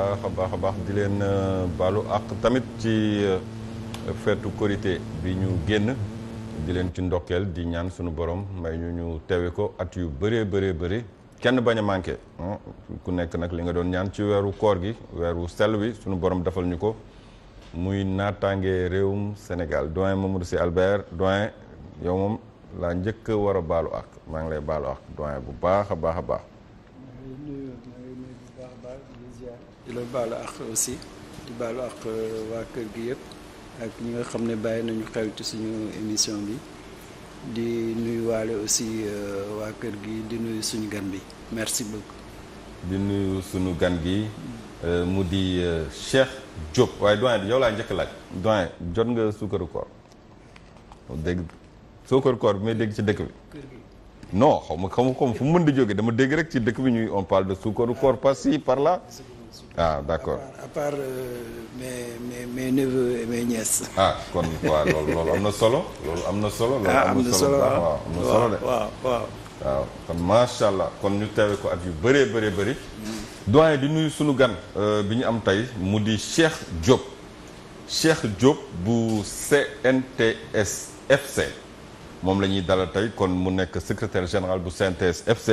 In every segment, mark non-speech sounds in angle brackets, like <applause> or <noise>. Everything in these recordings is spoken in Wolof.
baax a baax a baax di leen euh, baalu ak tamit ci euh, feetu korité bi ñu génn di leen ci ndokkeel di ñaan suñu borom may ñu ñu teewe ko at yu bëree bëree bëri kenn bañ a manqué ku nekk nag li nga doon ñaan ci weeru koor gi weeru sell wi suñu borom defal ñu ko muy naataange réewum Sénégal doyen Mamadou Sy Albert doyen yow moom laa njëkk war a baalu ak maa ngi lay baalu ak doyen bu baax a baax a baax di la baalu ak aussi di baalu ak euh, waa kër gi yëpp ak ñi nga xam ne bàyyi nañu xew ci suñu émission bi di nuyu waale aussi euh, waa kër gi di nuyu suñu gan bi merci beaucoup. di nuyu suñu gan gi euh, mu di Cheikh Diop waaye doyen yow laa njëkk laaj. doyen jot nga suukaru koor dégg suukaru koor bi may dégg ci dëkk bi. non xaw ma xaw ma fu mu mën di jóge dama dégg rek ci dëkk bi ñuy on parle de suukaru koor par par là. ah d'accord à part euh, mes mes mes neveux et mes nièces. ah kon quoi loolu loolu am na solo. loolu am na solo. loolu am na solo waaw am de waaw waaw. kon macha allah kon ñu teewe ko at yu bëree bëree bëri. doyen di nuyu sunu gan euh, bi ñu am tey mu di Cheikh Diop. Cheikh Diop bu CNTS FC moom la ñuy dalal tey kon mu nekk secrétaire général bu CNTS FC.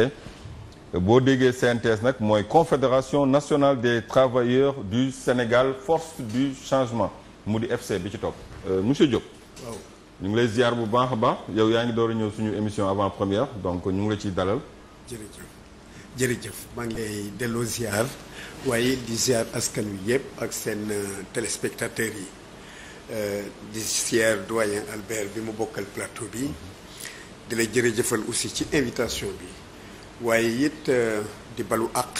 boo déggee CNTS nag mooy confédération nationale des travailleurs du Sénégal force du changement mu di FC bi ci topp euh, monsieur Diop. ñu ngi lay ziar bu baax a baax yow yaa ngi door a ñëw suñu émission avant première donc ñu ngi la ciy dalal. jërëjëf jërëjëf maa ngi lay delloo ziar waaye di ziar askan wi yëpp ak seen euh, téléspectateurs yi euh, di ziar doyen Albert bi mu bokkal plateau bi mm-hmm. di la jërëjëfal aussi ci invitation bi. waaye it euh, di balu àq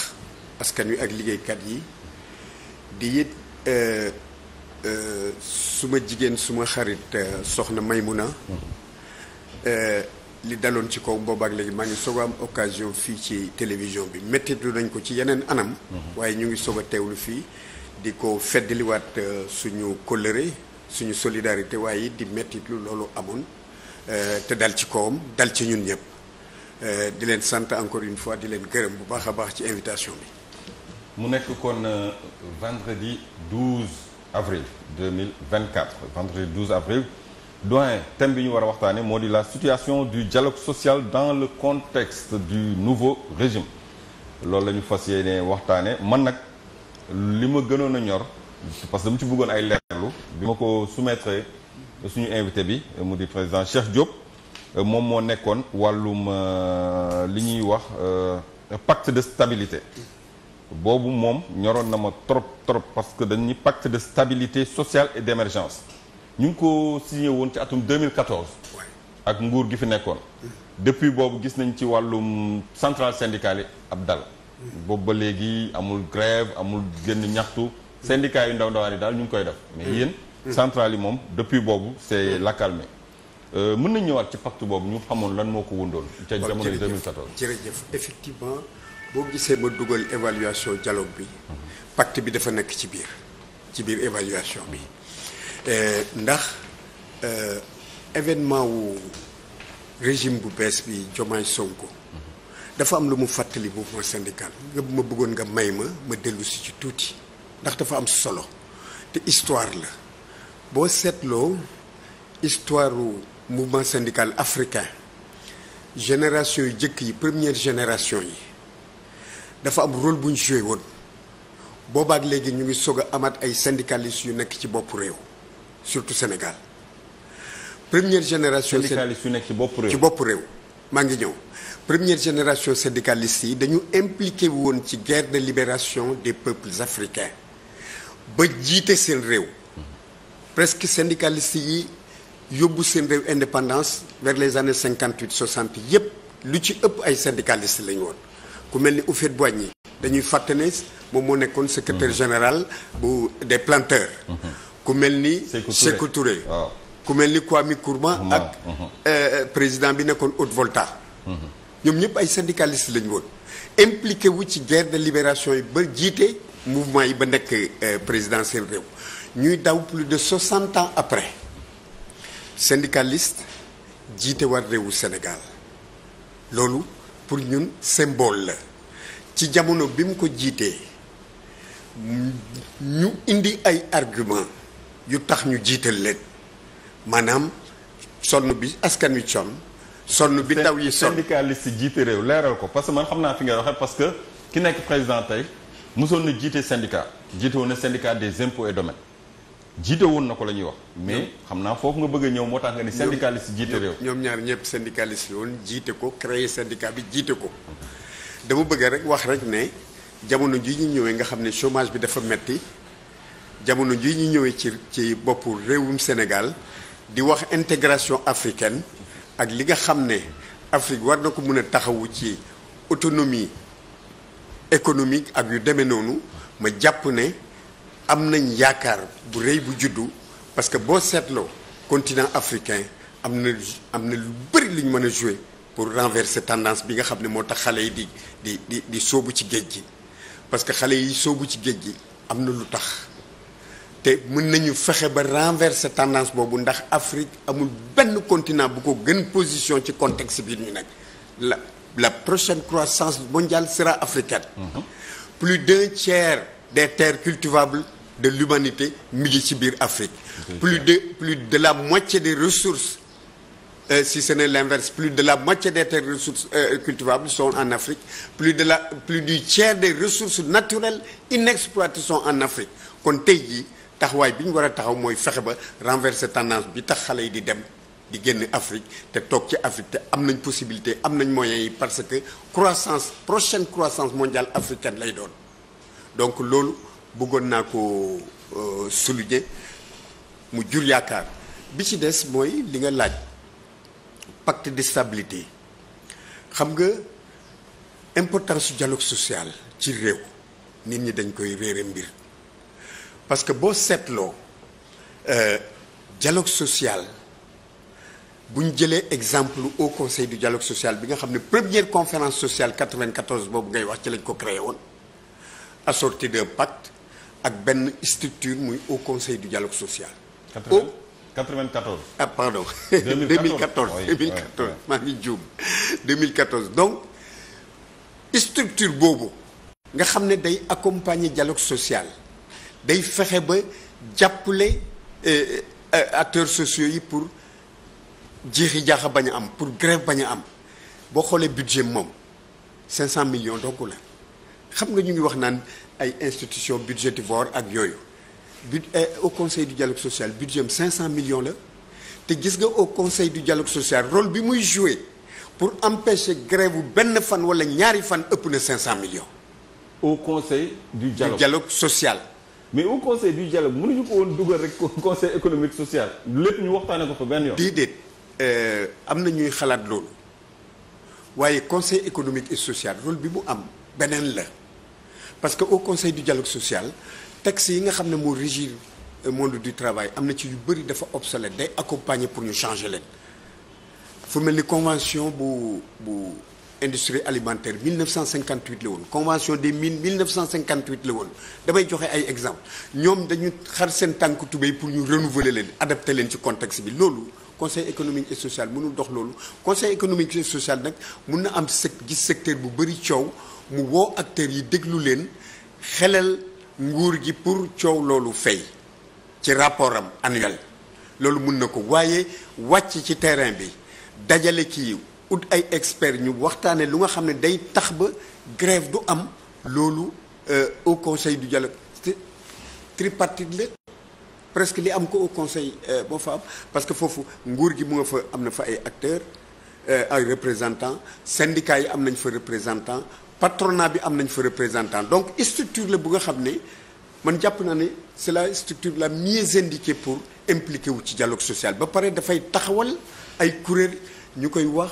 askan wi ak liggéeykat yi di it euh, euh, suma jigéen suma xarit soxna Maymuna li daloon ci kaw boobaak léegi maa ngi soog a fii ci télévision bi méttitu nañ ko ci yeneen anam waaye ñu ngi soog a teewlu fii di ko feddaliwaat suñu kóllëre suñu solidarité waaye di méttitu loolu amoon te dal ci kawam dal ci ñun ñëpp Euh, di leen sant encore une fois di leen gërëm bu baax a baax ci invitation bi. mu nekk kon euh, vendredi 12 avril 2024 vendredi 12 avril doyen thème bi ñu war a waxtaanee moo di la situation du dialogue social dans le contexte du nouveau régime loolu la ñu fas yéene waxtaanee man nag li ma gënoon a ñor parce que ci bëggoon ay leerlu bi ma ko soumettre suñu invité bi mu di président Cheikh Diop. Euh, moom moo nekkoon wàllum euh, li ñuy wax euh, pacte de stabilité boobu moom ñoroon na ma trop trop parce que dañuy pacte de stabilité sociale et d'émergence ñu ngi ko signé woon ci atum 2014 ak nguur gi fi nekkoon depuis boobu gis nañ ci wàllum centrale syndicale yi ab dal boobu ba léegi amul grève amul génn ñaxtu syndicat yu ndaw ndawaan yi daal ñu ngi koy def mais yéen centrale yi moom depuis boobu c'est l'accalmie Euh, mën nañ ñëwaat ci pacte boobu ñu xamoon lan moo ko wundoon ca jamono 2014 jërëjëf effectivement boo gisee ma dugal évaluation dialogue bi pacte bi dafa nekk ci biir ci biir évaluation bi euh, ndax euh, événement wu régime bu bees bi Diomaye Sonko dafa am lu mu fàttali mouvement syndical nga ma bëggoon nga may ma ma dellu ci tuuti ndax dafa am solo te histoire la boo seetloo histoire mouvement syndical africain génération yu jëkk yi première génération yi dafa am rôle bu ñu woon boobaak léegi ñu ngi soog a amaat ay syndicalistes yu nekk ci bopp réew surtout Sénégal première génération. syndicalistes yu nekk ci bopp ci bopp réew maa ngi ñëw. première génération syndicalistes yi dañu impliqué woon ci guerre de libération des peuples africains ba jiite seen réew mhm. presque syndicalistes yi yóbbu seen réew indépendance vers les années cinquante huit soixante yëpp lu ci ëpp ay syndicaliste la ñu woon ku mel ni Houphouët-Boigny dañuy fàttane moom moo nekkoon secrétaire mhm. général bu des planteurs. Mhm. ku mel ni Sékou Touré ku mel ni Kwame Nkrumah ak mhm. euh, euh, président bi nekkoon Haute-Volta ñoom ñëpp ay syndicaliste la ñu woon impliqué wu ci guerre de libération yi ba jiite mouvement yi ba nekk euh, président seen réew ñuy daw plus de soixante ans après syndicaliste jiite war réewu Sénégal loolu pour ñun symbole la ci jamono bi mu ko jiitee ñu indi ay argument yu tax ñu jiital leen maanaam sonn bi askan wi sonn sonn bi ndaw yi sonn syndicaliste jiite réew leeral ko parce que man xam naa fi ngay waxee parce que ki nekk président tey mosoon na jiite syndicat jiite woon na syndicat de impôts et domaines jiite woon na ko la ñuy wax. mais xam naa foofu nga bëgg a ñëw moo tax nga ni syndicaliste jiite réew. ñoom ñaar ñëpp syndicaliste yoon jiite ko créer syndicat bi jiite ko. dama bëgg rek wax rek ne jamono ji ñu ñëwee nga xam ne chômage bi dafa metti jamono ji ñu ñëwee ci ci boppu réewum Sénégal di wax intégration africaine ak li nga xam ne Afrique war na ko mën a taxawu ci autonomie économique ak yu demee noonu ma jàpp ne. am nañ yaakaar bu rëy bu juddu parce que boo seetloo continent africain am na am na lu bëri lu mën a jouer pour renverser tendance bi nga xam ne moo tax xale yi di di di di soobu ci géej gi parce que xale yi soobu ci géej gi am na lu tax te mën nañu fexe ba renverser tendance boobu ndax Afrique amul benn continent bu ko gën position ci contexte bi ñu nag la la prochaine croissance mondiale sera africaine. Mmh. plus d'un tiers des terres cultivables de l'humanité mi ngi ci biir Afrique plus de plus de la moitié des ressources euh, si ce n'est l'inverse plus de la moitié des terres ressources euh, cultivables sont en Afrique plus de la plus du tiers de ressources naturelles inexploitées sont en Afrique kon tey jii taxawaay bi ñu war a taxaw mooy fexe ba renverser tendance bi tax xale yi di dem di génn Afrique te toog ci Afrique te am nañ possibilité am nañ moyens yi parce que croissance prochaine croissance mondiale africaine lay doon bëggoon naa ko euh, souligner mu jur yaakaar bi ci des mooy li nga laaj pacte de stabilité xam nga importance dialogue sociale ci réew nit ñi dañ koy réere mbir parce que boo seetloo euh, dialogue sociale bu ñu jëlee exemple au conseil du dialogue social bi nga xam ne première conférence sociale 94 boobu ngay wax ci lañ ko créé woon assorti d'un pacte ak benn structure muy au conseil du dialogue social. 80 94. ah pardon 2014 2014 maa ngi juum 2014 donc structure boobu. nga xam ne day accompagner dialogue social day fexe ba jàppale euh, euh, acteurs sociaux yi pour jiixi jaaxa bañ a am pour grève bañ a am boo xoolee budget moom 500 millions donc la xam nga ñu ngi wax naan. ay institution budgétivore ak yooyu but eh, au conseil du dialogue social budget am 500 millions la te gis nga au conseil du dialogue social role bi muy joué pour empêcher grève benn fan wala ñaari fan ëpp na 500 millions. au conseil du dialogue du dialogue mais au conseil du dialogue mënuñu ko woon dugal rek conseil économique social lépp ñu waxtaanee ko fa benn yoon. déedéet eh, am na ñuy xalaat loolu waaye conseil économique et social rôle bi mu am beneen la. parce que au conseil du dialogue social texte yi nga xam ne moo régir euh, monde du travail am na ci yu bëri dafa obsolète day accompagner pour ñu changer leen fu mel ni convention bu bu industrie alimentaire 1958 la woon convention des mines 1958 la woon damay joxe ay exemple ñoom dañu xar seen tànk tubéy pour ñu renouveler leen adapter leen ci contexte bi loolu conseil économique et social mënul dox loolu conseil économique et social nag mun na am sec gis secteur bu bëri coow mu woo acteurs yi déglu leen xelal nguur gi pour coow loolu fay ci rapport am annuel loolu mun na ko waaye wàcc ci terrain bi dajale ci ut ay experts ñu waxtaane lu nga xam ne day tax ba grève du am loolu euh, au conseil du dialogue tripartite la presque li am ko au conseil euh, moo fa am parce que foofu nguur gi mu nga fa am na fa ay acteurs euh, ay représentants syndicats yi am nañ fa représentant patronat bi am nañ fa représentant donc structure la bu nga xam ne man jàpp naa ne c'est la structure la mieux indiquée pour impliquer wu ci dialogue social ba pare dafay taxawal ay kuréel ñu koy wax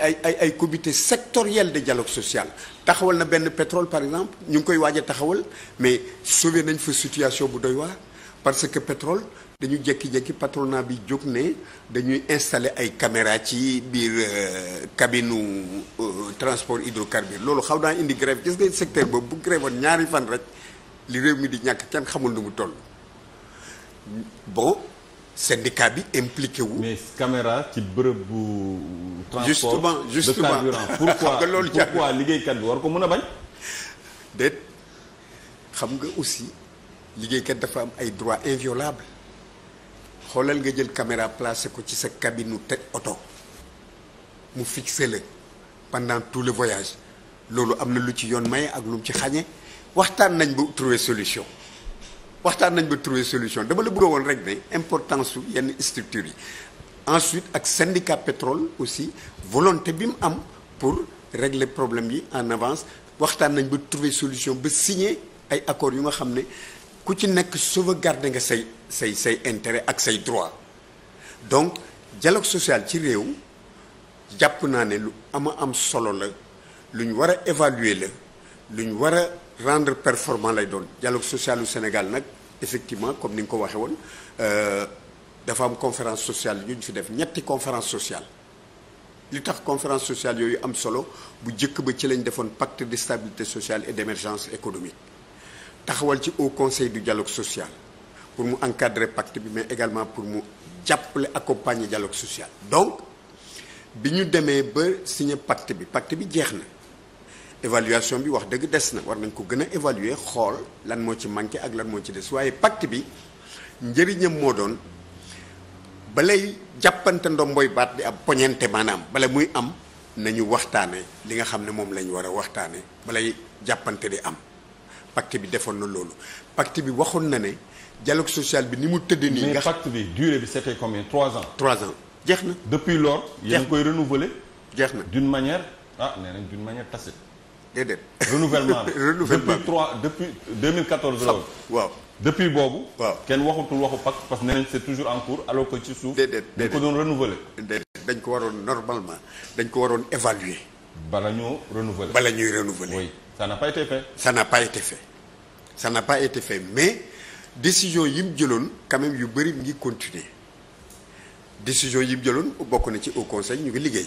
ay ay ay comité sectoriel de dialogue social taxawal na benn pétrole par exemple ñu ngi koy waaj a taxawal mais sauvé nañ fa situation bu doy waar parce que pétrole dañu jékki-jékki patronat bi jóg ne dañuy installer ay caméra ci biir euh, cabinu euh, transport hydrocarbure loolu xaw naa indi grève gis nga secteur boobu bu grève woon ñaari fan rek li réew mi di ñàkk kenn xamul nu mu toll bon syndicat bi impliqué wu. mais camera ci bërëb bu. transport justement justement de carburant <laughs> pourquoi liggéeykat bi war ko mën a bañ. déet xam nga aussi liggéeykat dafa am ay droits inviolables. xoolal nga jël caméra placé ko ci sa cabine te oto mu fixé la pendant tout les voyage loolu am na lu ci yoon maye ak lu mu ci xañe waxtaan nañ bu trouver solution waxtaan nañ ba trouver solution dama la bëgg woon rek ne importance su yenn structures yi ensuite ak syndicat pétrole aussi volonté bi mu am pour régler problème yi en avance waxtaan nañ ba trouver solution ba signe ay accords yu nga xam ne ku ci nekk sauvegarder nga say say say intérêt ak say droit donc dialogue social ci réew jàpp naa ne lu ama am solo la lu ñu war a évaluer la lu ñu war a rendre performant lay doon dialogue social Sénégal nag effectivement comme ni nga ko waxee woon euh, dafa am conférence sociale yu ñu fi def ñetti conférence sociale li tax conférence sociale yooyu am solo bu jëkk ba ci lañ defoon pacte de stabilité sociale et d'émergence économique taxawal ci au conseil du dialogue social pour mu encadrer pacte bi mais également pour mu jàppale accompagner dialogue social donc bi ñu demee ba signer pacte bi pacte bi jeex na évaluation bi wax dëgg des na war nañ ko gën a évaluer xool lan moo ci manqué ak lan moo ci des waaye pacte bi njëriñam moo doon balay jàppante ndomboy baat di ab poñente maanaam bala muy am nañu waxtaane li nga xam ne moom lañ war a waxtaane balay jàppante di am pacte bi defoon na loolu pacte bi waxoon na ne dialogue social bi ni mu tëdd nii. mais pacte bi durée bi c'était combien trois ans. trois ans jeex na. depuis lors koy renouveler. jeex na d'une manière ah nee nañ d'une manière tacite. déedéet renouvellement bi <laughs> renouvellement depuis trois depuis 2014. la woon boobu. waaw kenn waxutul waxu pacte parce que nee nañ c'est toujours en cours alors que ci suuf. déedéet dañ ko doon renouveler. déedéet dañ ko waroon normalement dañ ko waroon évaluer. bala ñoo renouveler. bala ñuy renouveler. ça n'a pas été fait. ça mais décision yi jëloon quand yu bëri ngi continuer décision yi mu jëloon bokk na ci au conseil ñu ngi liggéey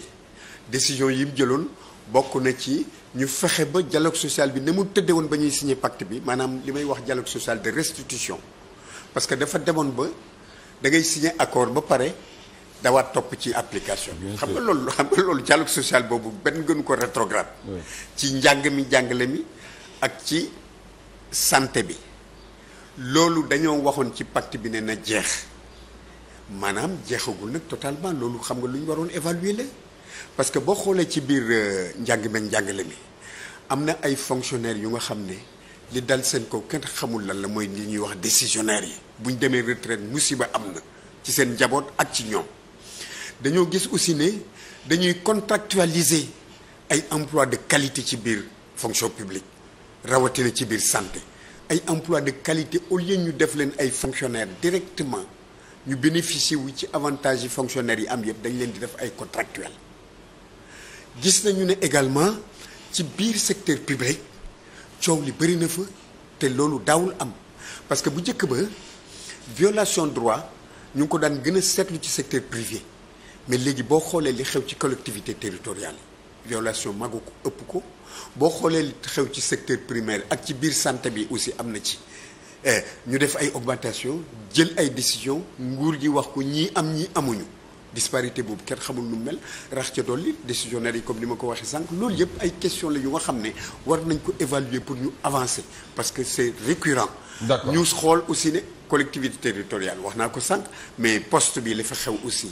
décision yi mu jëloon bokk na ci ñu fexe ba dialogue social bi ne mu tëdde woon ba ñuy signé pacte bi maanaam li may wax dialogue social de restitution parce que dafa demoon ba da ngay signé accord ba pare. dawaat topp ci application bi xam nga loolu xam loolu dialogue social boobu benn gënu ko rétrograde ci njàng mi njàngale mi ak ci santé bi loolu dañoo waxoon ci pacte bi ne na jeex maanaam jeexagul nag totalement loolu xam nga lu ñu waroon évaluer parce que boo xoolee ci biir euh, njàng meeg njàngale mi am na ay fonctionnaires yu nga xam ne li dal seen kaw kenn xamul lan la mooy li ñuy wax décisionnaires yi bu ñu demee retraite musiba am na ci seen njaboot ak ci ñoom dañoo gis aussi ne dañuy contractualiser ay emploi de qualité ci biir fonction publique rawatina ci biir santé ay emploi de qualité au lieu ñu def leen ay fonctionnaires directement ñu bénéficier wu ci avantage yi fonctionnaires yi am yëpp dañ leen di def ay contractuel gis nañu ne également ci biir secteur public coow li bëri na fa te loolu daawul am parce que bu njëkk ba violation droit ñu ko daan gën a seetlu ci secteur privé mais léegi boo xoolee li xew ci collectivité territoriale yi violation magu ko ëpp ko boo xoolee li xew ci secteur primaire ak ci biir sante bi aussi am na ci eh, ñu def ay augmentation jël ay décision nguur gi wax ko ñii am ñii amuñu disparité boobu kenn xamul nu mel rax ca dolli décisionnaire yi comme ni ma ko waxee sànq loolu yëpp ay question la yu nga xam ne war nañ ko évaluer pour ñu avancer parce que c'est récurrent ñu xool aussi ne collectivité territoriale wax naa ko sànq mais poste bi la fa xew aussi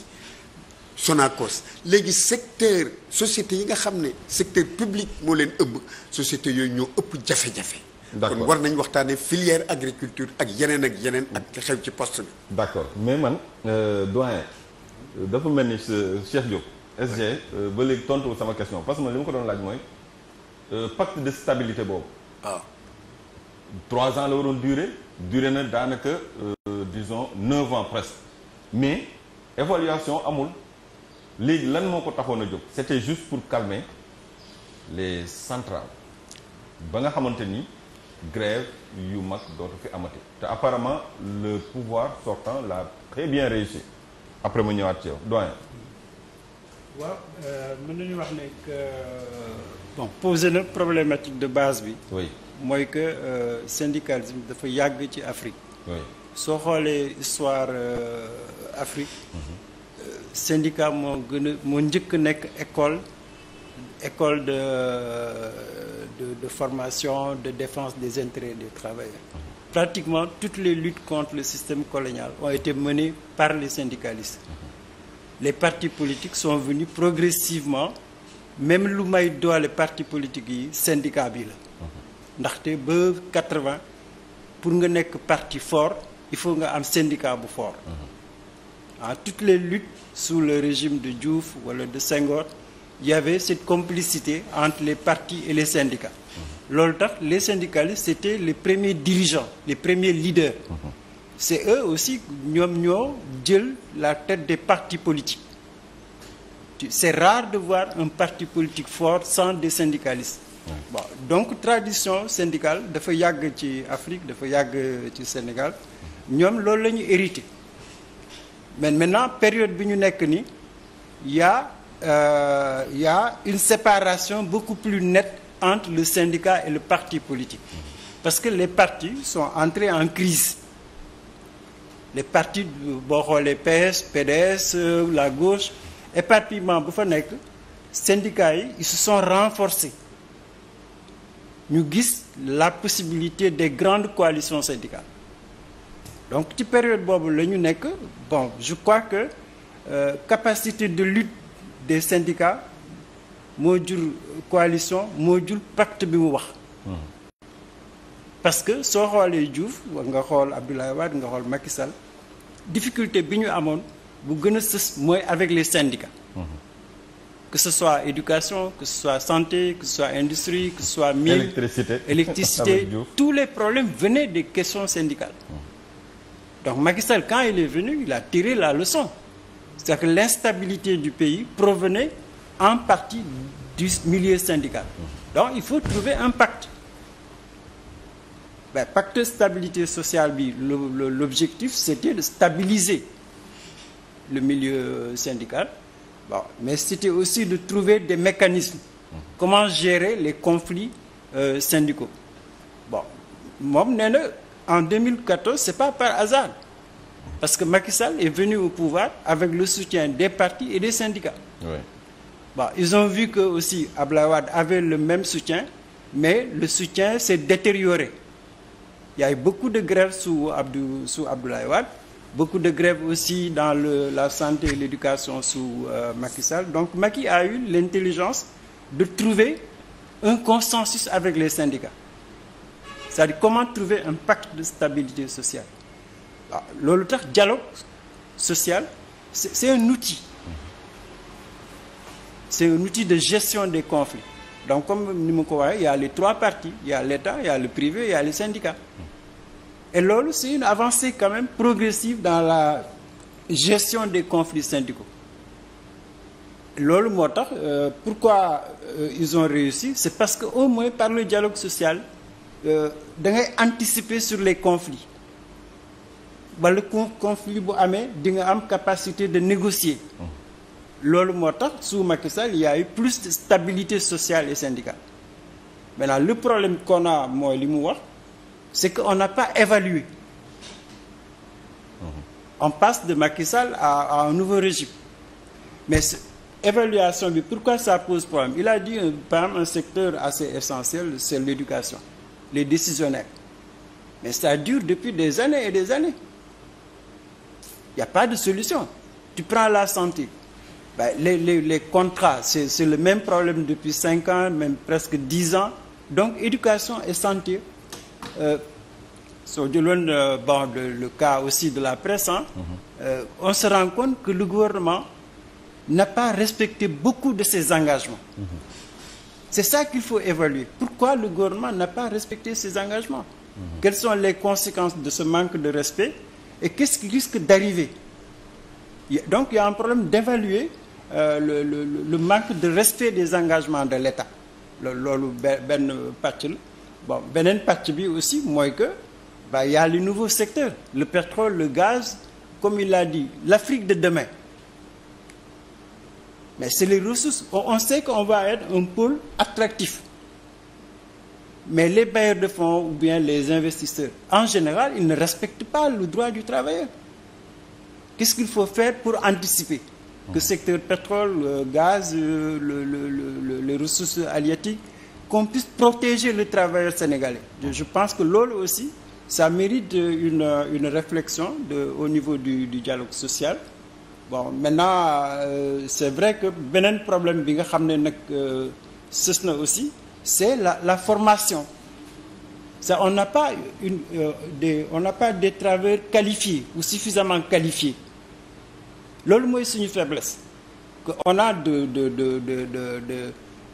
Sonacos léegi secteur société yi nga xam ne secteur public moo leen ëpp société yooyu ñoo ëpp jafe-jafe. kon war nañ waxtaanee filière agriculture ak yeneen ak yeneen ak xew ci poste bi. d'accord mais man euh, doyen euh, dafa mel ni Cheikh Diop. SG euh, ba léegi tontuwul sama question parce que man li ma ko doon laaj mooy pacte de stabilité boobu. waaw ah. trois ans la waroon durer durer na daanaka disons neuf ans presque mais évaluation amul. léegi lan moo ko taxoon a jóg c'était juste pour calmer les centrales ba nga xamante ni grève yu mag dootu fi amati te apparemment le pouvoir sortant l'a très bien réussi après mu ñëwaat ci yow doyen waaw euh, mën nañu wax ne que euh, bon poser na problématique de base bi mooy que euh, syndicalisme dafa yàgg ci Afrique oui soo xoolee histoire Afrique mhm. syndicat moo gën a moo njëkk nekk école école de de de formation de défense des intérêts des travailleurs pratiquement toutes les luttes contre le système colonial ont été menées par les syndicalistes les partis politiques sont venus progressivement même lu may doole partis politiques yi syndicat bi la ndaxte ba 80 pour nga nekk parti fort il faut nga am syndicat bu fort toutes les luttes sous le régime de Diouf wala de Senghor il y avait cette complicité entre les partis et les syndicats loolu tax les syndicalistes c'était les premiers dirigeants les premiers leaders c'est eux aussi ñoom ñoo jël la tête des partis politiques c'est rare de voir un parti politique fort sans des syndicalistes bon donc tradition syndicale dafa yàgg ci Afrique dafa yàgg ci Sénégal ñoom loolu la ñu hérité mais maintenant période bi ñu nekk ni y a euh, une séparation beaucoup plus nette entre le syndicat et le parti politique parce que les partis sont entrés en crise les partis boo xoolee PS PDS la gauche éparpillement bu fa nekk syndicats yi ils se sont renforcés ñu gis la possibilité des grandes coalitions syndicales donc ci période boobu la ñu nekk bon je crois que euh, capacité de lutte des syndicats moo jur coalition moo jur pacte bi mu wax. parce que soo xoolee Diouf nga xool Abdoulaye Wade nga xool Macky Sall difficulté bi ñu amoon bu gën a sës mooy avec les syndicats. que ce soit éducation que ce soit santé que ce soit industrie que ce soit mille électricité électricité <laughs> tous les problèmes venaient des questions syndicales. Donc Macky Sall, quand il est venu, il a tiré la leçon. C'est-à-dire que l'instabilité du pays provenait en partie du milieu syndical. Donc il faut trouver un pacte. Ben, pacte de stabilité sociale, l'objectif c'était de stabiliser le milieu syndical. Bon, mais c'était aussi de trouver des mécanismes. Comment gérer les conflits euh, syndicaux. en 2014 c'est pas par hasard parce que Macky Sall est venu au pouvoir avec le soutien des partis et des syndicats. Ouais. Bon, ils ont vu aussi Abdoulaye Wade avait le même soutien mais le soutien s'est détérioré. Il y a eu beaucoup de grèves sous Abdou sous Abdoulaye Wade, beaucoup de grèves aussi dans le la santé et l'éducation sous euh, Macky Sall. Donc Macky a eu l'intelligence de trouver un consensus avec les syndicats. c'est-à-dire comment trouver un pacte de stabilité sociale waaw ah, loolu tax dialogue social c'est, c'est un outil c'est de gestion des conflits donc comme ni ma ko waxee y les trois parties il y l'État il y le privé il y a les et loolu c'est une avancée quand même progressive dans la gestion des conflits syndicaux loolu moo tax euh, pourquoi euh, ils ont réussi c'est parce que au moins par le dialogue social Euh, da ngay anticiper sur les conflits wala conflit bu amee di nga am capacité de négocier mmh. loolu moo tax sous Macky Sall il y a eu plus de stabilité sociale et syndicale maintenant le problème qu'on a mooy li mu wax c'est que on n'a pas évalué mmh. on passe de Macky Sall à, un nouveau régime mais évaluation bi pourquoi ça pose problème il a dit euh, par exemple un secteur assez essentiel c'est l'éducation les décisionnaires. Mais ça dure depuis des années et des années. Il n'y a pas de solution. Tu prends la santé. Ben, les, les, les, contrats, c'est le même problème depuis 5 ans, même presque 10 ans. Donc, éducation et santé. Euh, sur euh, bon, le, le, cas aussi de la presse, hein, mm -hmm. on se rend compte que le gouvernement n'a pas respecté beaucoup de ses engagements. Mm-hmm. C'est ça qu'il faut évaluer. Pourquoi le gouvernement n'a pas respecté ses engagements mmh. Quelles sont les conséquences de ce manque de respect et qu'est-ce qui risque d'arriver Donc il y a un problème d'évaluer euh, le, manque de respect des engagements de l'État. Loolu benn pàcc la bon beneen pàcc bi aussi mooy que bah, il y a les nouveaux secteurs le pétrole le gaz comme il l'a dit l'Afrique de demain mais c'est les ressources on sait qu'on va être un pôle attractif mais les bailleurs de fonds ou bien les investisseurs en général ils ne respectent pas le droit du travail qu'est-ce qu'il faut faire pour anticiper que secteur pétrole euh, euh, le gaz le, le, le, les ressources halieutiques qu'on puisse protéger le travailleur sénégalais je pense que loolu aussi ça mérite euh, une, une réflexion de, au niveau du, du dialogue social bon maintenant euh, c'est vrai que beneen problème bi nga xam ne nag euh, sës na aussi c'est la la formation ça on n'a pas une euh, des on n'a pas des travailleurs qualifiés ou suffisamment qualifiés loolu mooy suñu faiblesse que a de de de de de, de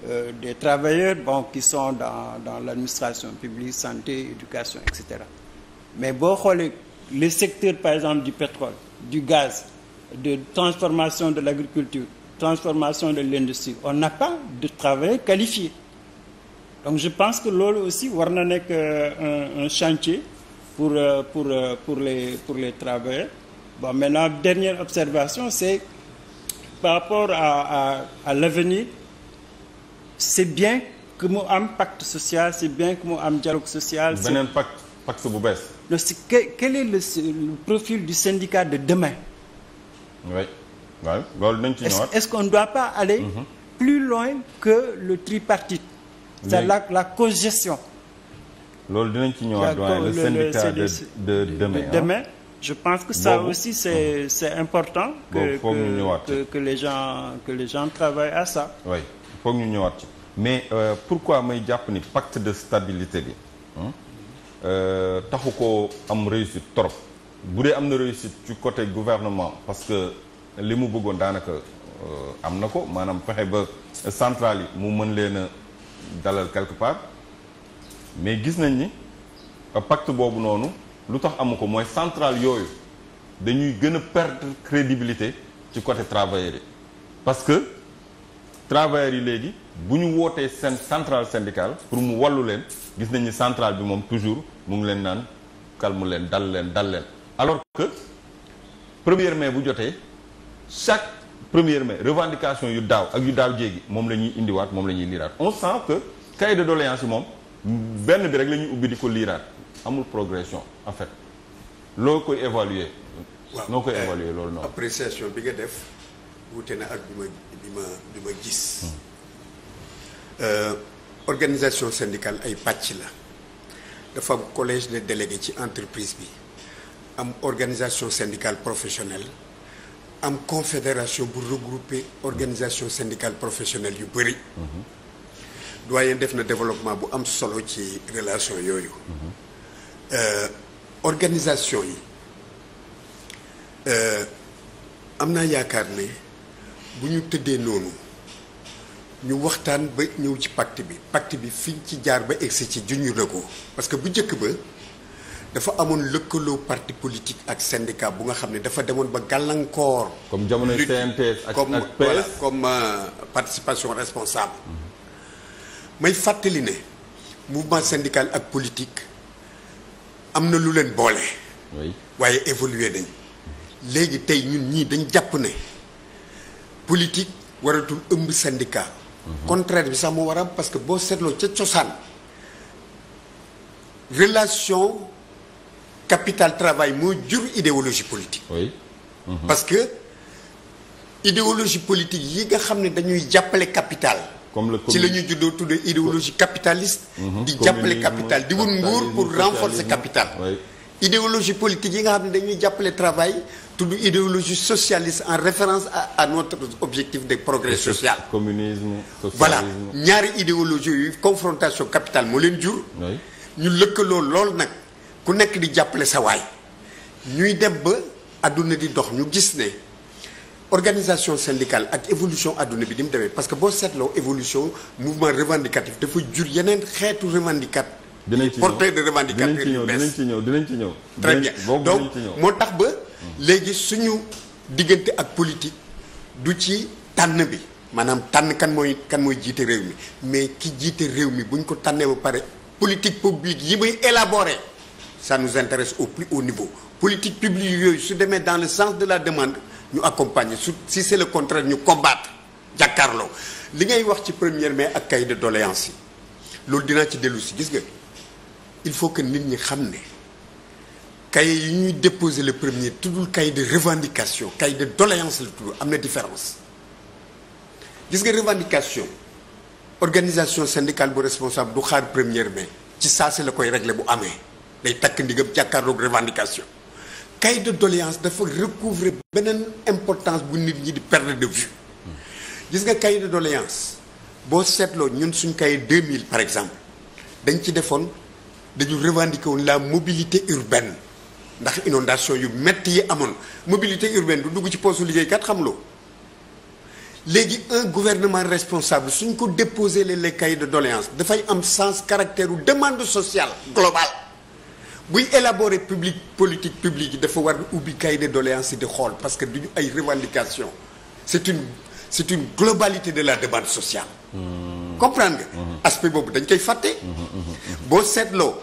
euh, des travailleurs bon qui sont dans dans l'administration publique santé éducation et cetera mais boo xoolee les secteurs par exemple du pétrole du gaz de transformation de l'agriculture, transformation de l'industrie. On n'a pas de travail qualifié. Donc je pense que loolu aussi war na nekk euh, un chantier pour euh, pour euh, pour les pour les travailleurs. Bon maintenant dernière observation c'est par rapport à à à l'avenir c'est bien que mu am pacte social c'est bien que mu am dialogue social. beneen pacte pacte bu bees. non c'est quel est le, le profil du syndicat de demain. oui waaw loolu nañ ci ñëwaat est-ce qu'on ne doit pas aller. Mhm. plus loin que le tripartite. c'est oui. la la cogestion. loolu dinañ ci ñëwaat doyen le syndicat de de demain. demain je pense que ça bon, aussi mhm. c'est important. que bon, que, que, que les gens travaillent à ça. foog ñu ñëwaat ci mais euh, pourquoi may jàpp ni pacte de stabilité bi euh, taxu ko am réussite trop. bu dee am na réussite ci côté gouvernement parce que li mu bëggoon daanaka euh, am na ko maanaam fexe ba centrale yi mu mën leen a dalal quelque part mais gis nañ ni euh, pacte boobu noonu lu tax amu ko mooy centrale yooyu dañuy gën a perdre crédibilité ci côté travailleurs yi parce que travailleurs yi léegi bu ñu wootee seen centrale syndicale pour mu wallu leen gis nañ ni centrale bi moom toujours mu ngi leen naan calme leen dal leen dal leen alors que premier mai bu jotee chaque premier mai revendication yu daaw ak yu daaw jéegi moom la ñuy indiwaat moom la ñuy liiraat on sent que cahier de doléance yi moom benn bi rek la ñuy ubbi di ko liiraat amul progression en fait loo koy évaluer noo koy évaluer loolu noonu appréciation bi nga def wute na ak bi ma bi ma bi ma gis hmm. euh, organisation syndicale ay pàcc la dafa am collège de délégués ci entreprise bi am organisation syndicale professionnelle am confédération bu regrouper organisation syndicale professionnelle yu bëri mm-hmm. doyen def na développement bu am solo ci relation yooyu mm-hmm. euh, organisation yi euh, am naa yaakaar ne bu ñu tëddee noonu ñu waxtaan ba ñëw ci pacte bi pacte bi fiñ ci jaar ba egsi ci junj na ko parce que bu jëkk ba dafa amoon lëkkaloo parti politique ak syndicat bu nga xam ne dafa demoon ba gàllankoor. comme jamono CNTS ak comme voilà comme euh, participation responsable. may fàttali ne mouvement syndical ak politique am na lu leen boole. waaye évoluer nañ. léegi tey ñun ñii dañ jàpp ne politique waratul ëmb syndicat. Mhm. contraire bi sax moo war a parce que boo seetloo ca cosaan relation. capital travail moo jur idéologie politique. oui. Mm-hmm. parce que idéologie politique yi nga xam ne dañuy jàppale capital. comme le ci la ñuy juddoo tudd idéologie capitaliste. Mm-hmm. di jàppale capital di wut nguur pour renforcer capital. Oui. idéologie politique yi nga xam ne dañuy jàppale travail tudd idéologie socialiste en référence à, à notre objectif de progrès social. communisme socialisme voilà ñaari idéologie confrontation capital moo leen jur. ñu lëkkaloo lool nag. ku nekk di jàppale sa waay ñuy dem ba adduna di dox ñu gis ne organisation syndicale ak évolution adduna bi di mu demee parce que boo seetloo évolution mouvement revendicatif dafa jur yeneen xeetu revendicat dinañ ci ñëw porteur de revendicateur yu bees dinañ ci ñëw dinañ ci ñëw. très bien donc moo tax ba mm-hmm. léegi suñu diggante ak politique du ci tànn bi maanaam tànn kan mooy kan mooy jiite réew mi mais ki jiite réew mi bu ko tànnee ba pare politique publique yi muy élaborer. ça nous intéresse au plus haut niveau politique publique yooyu su demee dans le sens de la demande ñu accompagner su si c'est le contraire ñu combattre jàkkaarloo li ngay wax ci première mai ak cahier de doléances yi loolu dinaa ci dellu si gis nga il faut que nit ñi xam ne cahier yi ñuy déposer le premier tuddul cahier de revendication cahier de doléance la tudd am na différence gis nga revendication organisation syndicale bu responsable du xaar première mai ci saa si la koy régler bu amee day takk ndigam jàkkaarloog revendication cahier de doléance dafa recouvrer beneen importance bu nit ñi di perdre de vue gis nga cahier de doléance boo seetloo ñun suñ cahier 2000 par exemple dañ ci defoon dañu revendiquer woon la mobilité urbaine ndax inondation yu metti yi amoon mobilité urbaine du dugg ci poosu liggéeykat xam loo léegi un gouvernement responsable suñ ko déposé les cahiers de doléance dafay am sens caractère demande sociale globale buy élaborer public politique publique yi dafa war ubbi cahier de doléances di xool parce que duñu ay revendication c'est une c'est une globalité de la demande sociale hmm. comprendre nga hmm. aspect boobu dañ koy fàtte hmm, boo seetloo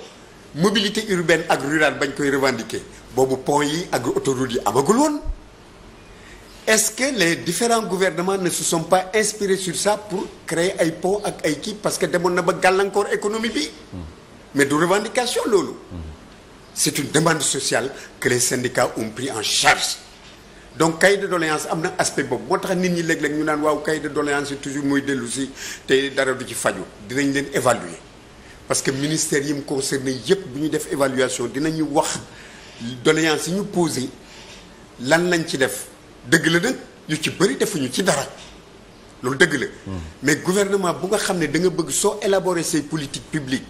mobilité urbaine ak rurale bañ koy revendiquer boobu pont yi ak autoroute yi amagul woon est-ce que les différents gouvernements ne se sont pas inspirés sur ça pour créer ay pont ak ay kii parce que demoon na ba gàllankoor économie bi mais du revendication loolu c'est une demande sociale que les syndicats ont pris en charge donc cahier de am na aspect boobu moo tax nit ñi léeg-léeg ñu naan waaw cahier de doléance yi toujours muy dellu si te dara du ci faju dinañ leen évaluer parce que ministère yi mu concerné yëpp bu ñu def évaluation dinañu wax doléance yi ñu posé lan lañ ci def dëgg la nag ñu ci bëri defuñu ci dara loolu dëgg la hmm. mais gouvernement bu nga xam ne da nga bëgg soo élaborer say politiques publiques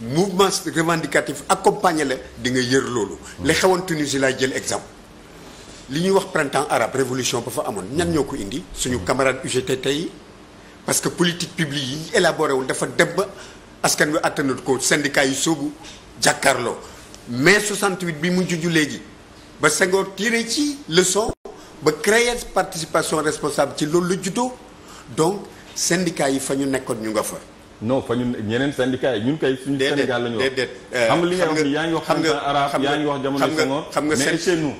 mouvement revendicatif accompagné la di nga yër loolu. li xewoon Tunisie laay jël exemple. li ñuy wax printemps arabe révolution ba fa amoon ñan ñoo ko indi suñu mhm. camarade UGTT tey parce que politique publique yi élaboré wul dafa dem ba askan wi attanut ko syndicat yi soobu jàkkaarloo mai 68 bi mu juju léegi ba Senghor tiré ci leçon ba créer participation responsable ci loolu la juddoo donc syndicat yi fa ñu nekkoon ñu nga fa. non fa ñun ñeneen syndicat yi ñun kay suñu Sénégal la ñu wax déedéet euh, xam nga li nga wax ni yaa ngi wax xam arab yaa ngi wax jamono Senghor xam nga mais chez nous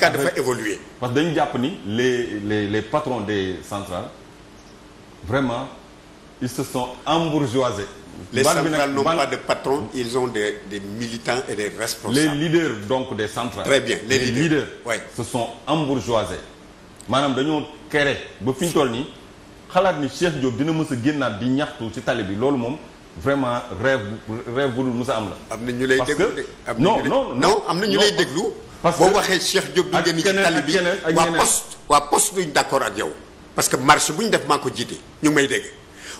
dafa évoluer parce que dañu jàpp ni les les les patrons des centrales vraiment ils se sont embourgeoisés les centrales n'ont pas de patron ils ont des des militants et des responsables les leaders donc des centrales très bien les leaders se sont embourgeoisés maanaam dañoo kere ba fi ñu toll nii xalaat ni Cheikh Diop dina mës a génnaat di ñaxtu ci tali bi loolu moom vraiment rêve rêve bu dul mës a am la. am na ñu lay déglu parce que non non am na ñu lay déglu. parce que boo waxee Cheikh Diop du génn ci tali bi waa poste waa poste duñ d'accord parce que marche bu ñu def maa ko jiite ñu may dégg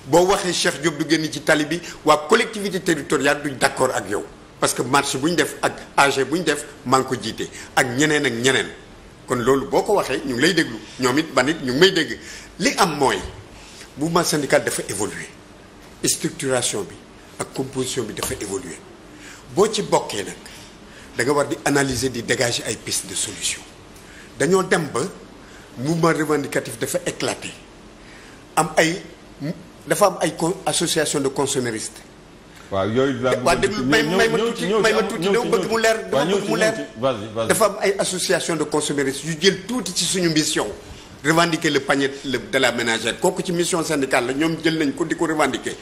boo waxee Cheikh Diop du génn ci tali bi waa collectivité territoriale duñ d'accord ak yow parce que marche bu ñu def ak AG bu ñu def maa ngi ko jiite ak ñeneen ak ñeneen kon loolu boo ko waxee ñu ngi lay déglu ñoom it ban it ñu may dégg li am mooy. mouvement syndical dafa évoluer structuration bi ak composition bi dafa évoluer boo ci bokkee nag da nga war di analyser di dégager ay piste de solution dañoo dem ba mouvement revendicatif dafa éclaté am ay dafa am ay association de consommériste waaw yooyu waa déglu may may ma tuuti may ma tuuti mu leer dama bëgg mu leer dafa am ay association de consommériste yu jël tuuti ci suñu mission revendiquer le panier de la ménagère kooku ci mission syndicale la ñoom jël nañ ko di ko revendiquer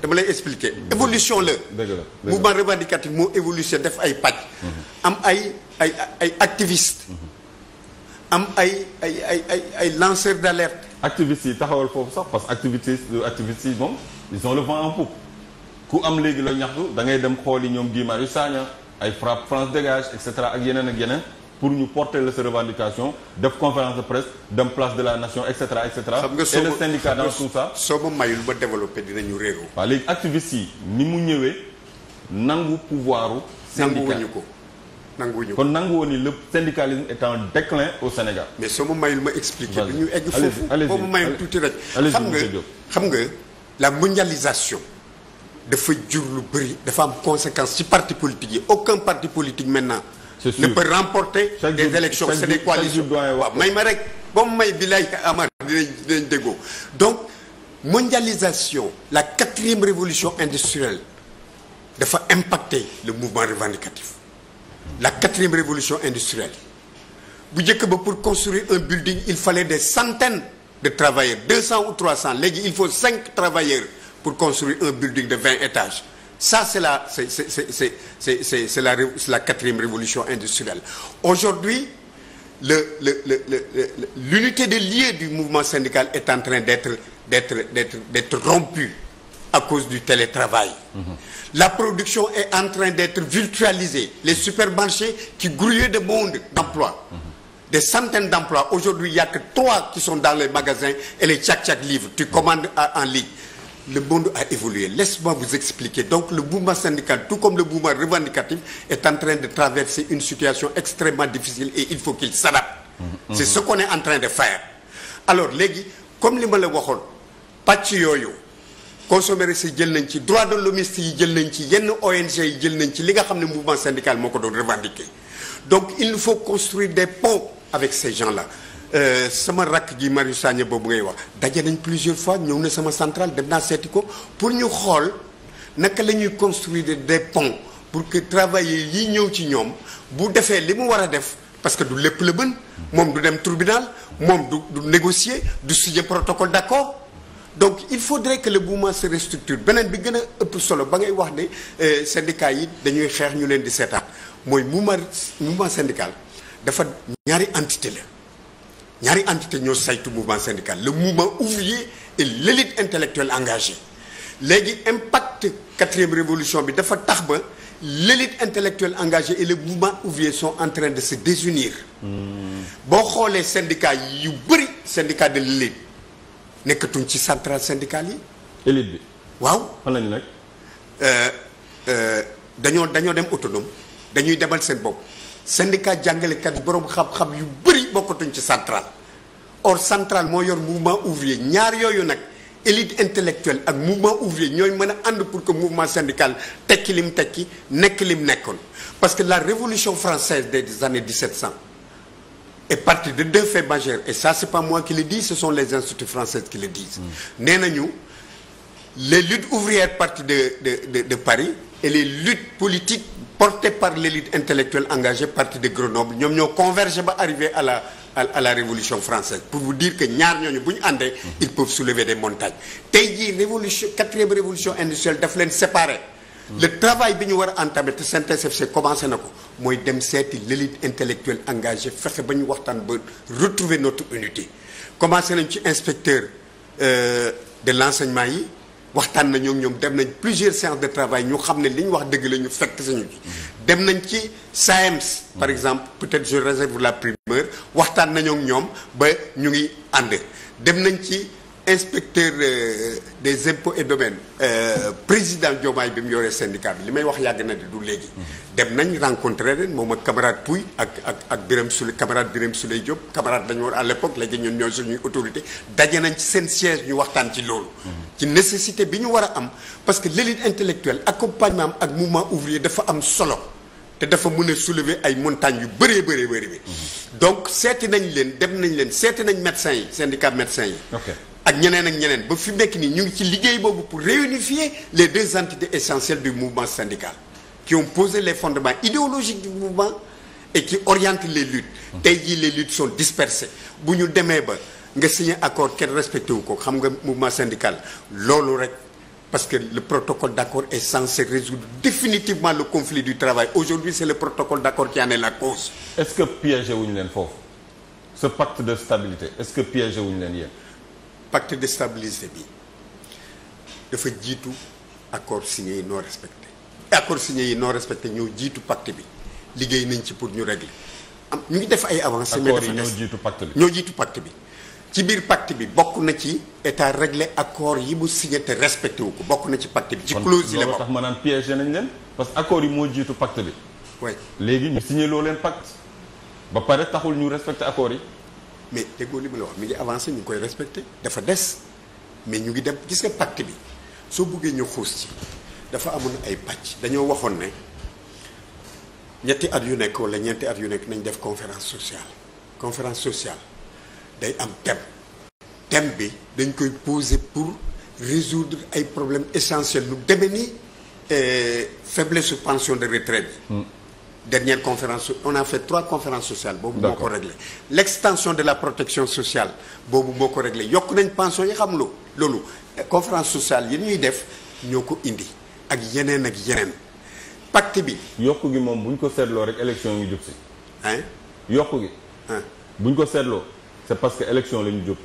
dama lay expliquer évolution la mouvement revendicatif moo évolution def ay paj mm-hmm. am ay ay ay activiste mm-hmm. am ay ay ay ay ay lanceur d'alerte activistes yi taxawal foofu sax parce que activité euh, activistes yi moom ils ont le en poupe ku am léegi la ñaxtu da ngay dem xooli ñoom Guy Marius Sagna ay frappe France dégage et cetera ak yeneen ak yeneen pour ñu porter la sa revendication def conférence de presse dem place de la nation et cetera et cetera. et le syndicat dans tout ça. soo ma mayul ma développé dinañu réeroo. waaw léegi activistes yi ni mu ñëwee nangu pouvoiru. syndicat nanguwuñu ko nanguwuñu ko. kon nangu woon ni le syndicalisme est en déclin au Sénégal. mais soo ma mayul ma expliqué. vas ñu egg foofu boo ma mayul tuuti rek. xam nga xam nga la mondialisation. dafa jur lu bëri dafa am conséquence ci parti politique yi aucun parti politique maintenant. ne peut remporter des élections c'est des coalitions may ma rek ba may bi lay aman dinañ dinañ déggoo donc mondialisation la quatrième révolution industrielle dafa impacter le mouvement revendicatif la quatrième révolution industrielle bu njëkk ba pour construire un building il fallait des centaines de travailleurs deux cents ou trois cents léegi il faut cinq travailleurs pour construire un building de vingt étages Ça, c'est la, c'est, c'est, la, la, quatrième révolution industrielle. Aujourd'hui, l'unité de lieu du mouvement syndical est en train d'être, d'être, rompue à cause du télétravail. Mmh. La production est en train d'être virtualisée. Les supermarchés qui grouillaient de monde d'emplois. Mm-hmm. des centaines d'emplois. Aujourd'hui, il n'y a que trois qui sont dans les magasins et les tchak-tchak livres. Tu commandes en ligne. le monde a évolué. Laisse-moi vous expliquer. Donc le mouvement syndical, tout comme le mouvement revendicatif, est en train de traverser une situation extrêmement difficile et il faut qu'il s'adapte. Mmh, mmh. C'est ce qu'on est en train de faire. Alors léegi comme li ma la waxoon pàcc yooyu consommateurs yi jël nañ ci droit de l'hommiste yi jël nañ ci yenn ONG yi jël nañ ci li nga xam ne mouvement syndical moo ko doon revendiquer donc il faut construire des ponts avec ces gens-là Euh, sama rakk ji Marius Sagna boobu ngay wax daje nañ plusieurs fois ñëw na sama centrale dem naa seeti ko pour ñu xool naka la ñuy de des ponts pour que travailleurs yi ñëw ci ñoom bu defee li mu war a def parce que du lépp la bën moom du dem tribunal moom du du négocier du signer protocole d'accord donc il faudrait que le mouvement se restructure beneen bi gën a ëpp solo ba ngay wax ne euh, syndicats yi dañuy xeex ñu leen di seetaat mooy mouvement mouvement syndical dafa ñaari entité la ñaari entité ñoo saytu mouvement syndical le mouvement ouvrier et l'élite intellectuelle engagée léegi impact quatrième révolution bi dafa tax ba l'élite intellectuelle engagé et le mouvement ouvrier sont en train de se désunir hmm. boo xoolee syndicat yu bëri syndicat de l'élite nekkatuñ ci centrale syndicale yi élite bi waaw fan lañu nag euh, euh, dañoo dañoo dem autonome dañuy demal seen bopp syndicat jàngalekat borom xam-xam yu bëri bokkatuñ ci central or central moo yor mouvement ouvrier ñaar yooyu nag élite intellectuelle ak mouvement ouvrier ñooy mën a ànd pour que mouvement syndical tekki lim tekki nekk li lim nekkoon parce que la révolution française des années 1700 est partie de deux faits majeurs et ça c'est pas moi qui le dis ce sont les instituts françaises qui le disent mm. nee nañu les luttes ouvrières parties de de de de Paris et les luttes politiques portées par l'élite intellectuelle engagée parti de Grenoble ñoom ñoo convergé ba arrivé à la à la révolution française pour vous dire que ñaar ñooñu bu ñu àndee mhm. ils peuvent soulever des montagnes tey jii révolution quatrième révolution industrielle daf leen séparé mhm. le travail bi ñu war a entamé te cnts commencé na ko mooy dem seeti l'élite intellectuelle engagée fexe ba ñu waxtaan ba retrouver notre unité commencé nañ ci inspecteur euh, de l'enseignement yi waxtaan na ñoom dem nañ plusieurs séances de travail ñu xam ne li ñu wax dëgg la ñu fekk sañu ci dem nañ ci SAEMS e par mm-hmm. exemple peut-être je réserve la primeur waxtaan nañoo ñoom ba ñu ngi ànd dem nañ ci inspecteur euh, des impôts et domaines euh, président Diomaye bi mu yoree syndicat bi li may wax yàgg na di du léegi dem nañ rencontré ren moom ak camarade Pouy ak ak ak Birame Souley camarade su Souley Diop camarade dañu war à l'époque léegi ñun ñooy suñuy autorité daje nañ ci seen siège ñu waxtaan ci loolu ci nécessité bi ñu war a am parce que l'élite intellectuelle accompagnement am ak mouvement ouvrier dafa am solo te dafa mun a soulever ay montagnes yu bëree bëree bëri bi mhm. donc seeti nañ leen dem nañ leen seeti nañ médecins yi syndicat médecins yi ak ñeneen ak ñeneen ba fi nekk nii ñu ngi ci liggéey boobu pour réunifier les deux entités essentielles du mouvement syndical qui ont posé les fondements idéologiques du mouvement et qui orientent les luttes tey jii les luttes sont dispersées bu ñu demee ba nga signé accord kenn respecté wu ko xam nga mouvement syndical loolu rek parce que le protocole d'accord est censé résoudre définitivement le conflit du travail aujourd'hui c'est le protocole d'accord qui en est la cause est-ce que piégé wuñu leen foofu ce pacte de stabilité est-ce que piégé wuñu leen yéen pacte de stabilité bi dafa jiitu accord signé yi non respecté accord signé yi non respecté ñoo jiitu pacte bi liggéey nañ ci pour ñu régler am ñu ngi def ay avancées. mais dafa des ñoo jiitu pacte bi ñoo jiitu pacte bi. ci biir pacte bi bokk na ci état réglé accord yi mu signé te respecté wu ko bokk na ci pacte bi. ci clause yi la bokk tax maanaam piégé nañ leen parce que accord yi moo jiitu pacte bi. oui léegi ñu signé loo leen pacte ba pare taxul ñu respecté accord yi. mais déggoo li ma la wax mi ngi avancé ñu ngi koy respecté dafa des mais ñu ngi dem gis nga pacte bi soo buggee ñu xuus ci dafa amoon ay pacc dañoo waxoon ne ñetti at yu nekk wala ñeenti at yu nekk nañ def conférence sociale conférence sociale day am thème thème bi dañ koy poser pour résoudre ay problème essentiels lu deme ni eh, su pension de retraite bi mm. dernière conférence on a fait trois conférences sociales boobu moo ko réglé l'extension de la protection sociale boobu moo ko réglé yokk nañ pension yi xam lo loolu conférence sociale yi ñuy def ñoo ko indi ak yeneen ak yeneen pacte bi yokk gi moom bu ñu ko seetloo rek élection yi jub si ah yokk gi bu ñu ko seetloo c'est parce que élection la ñu jub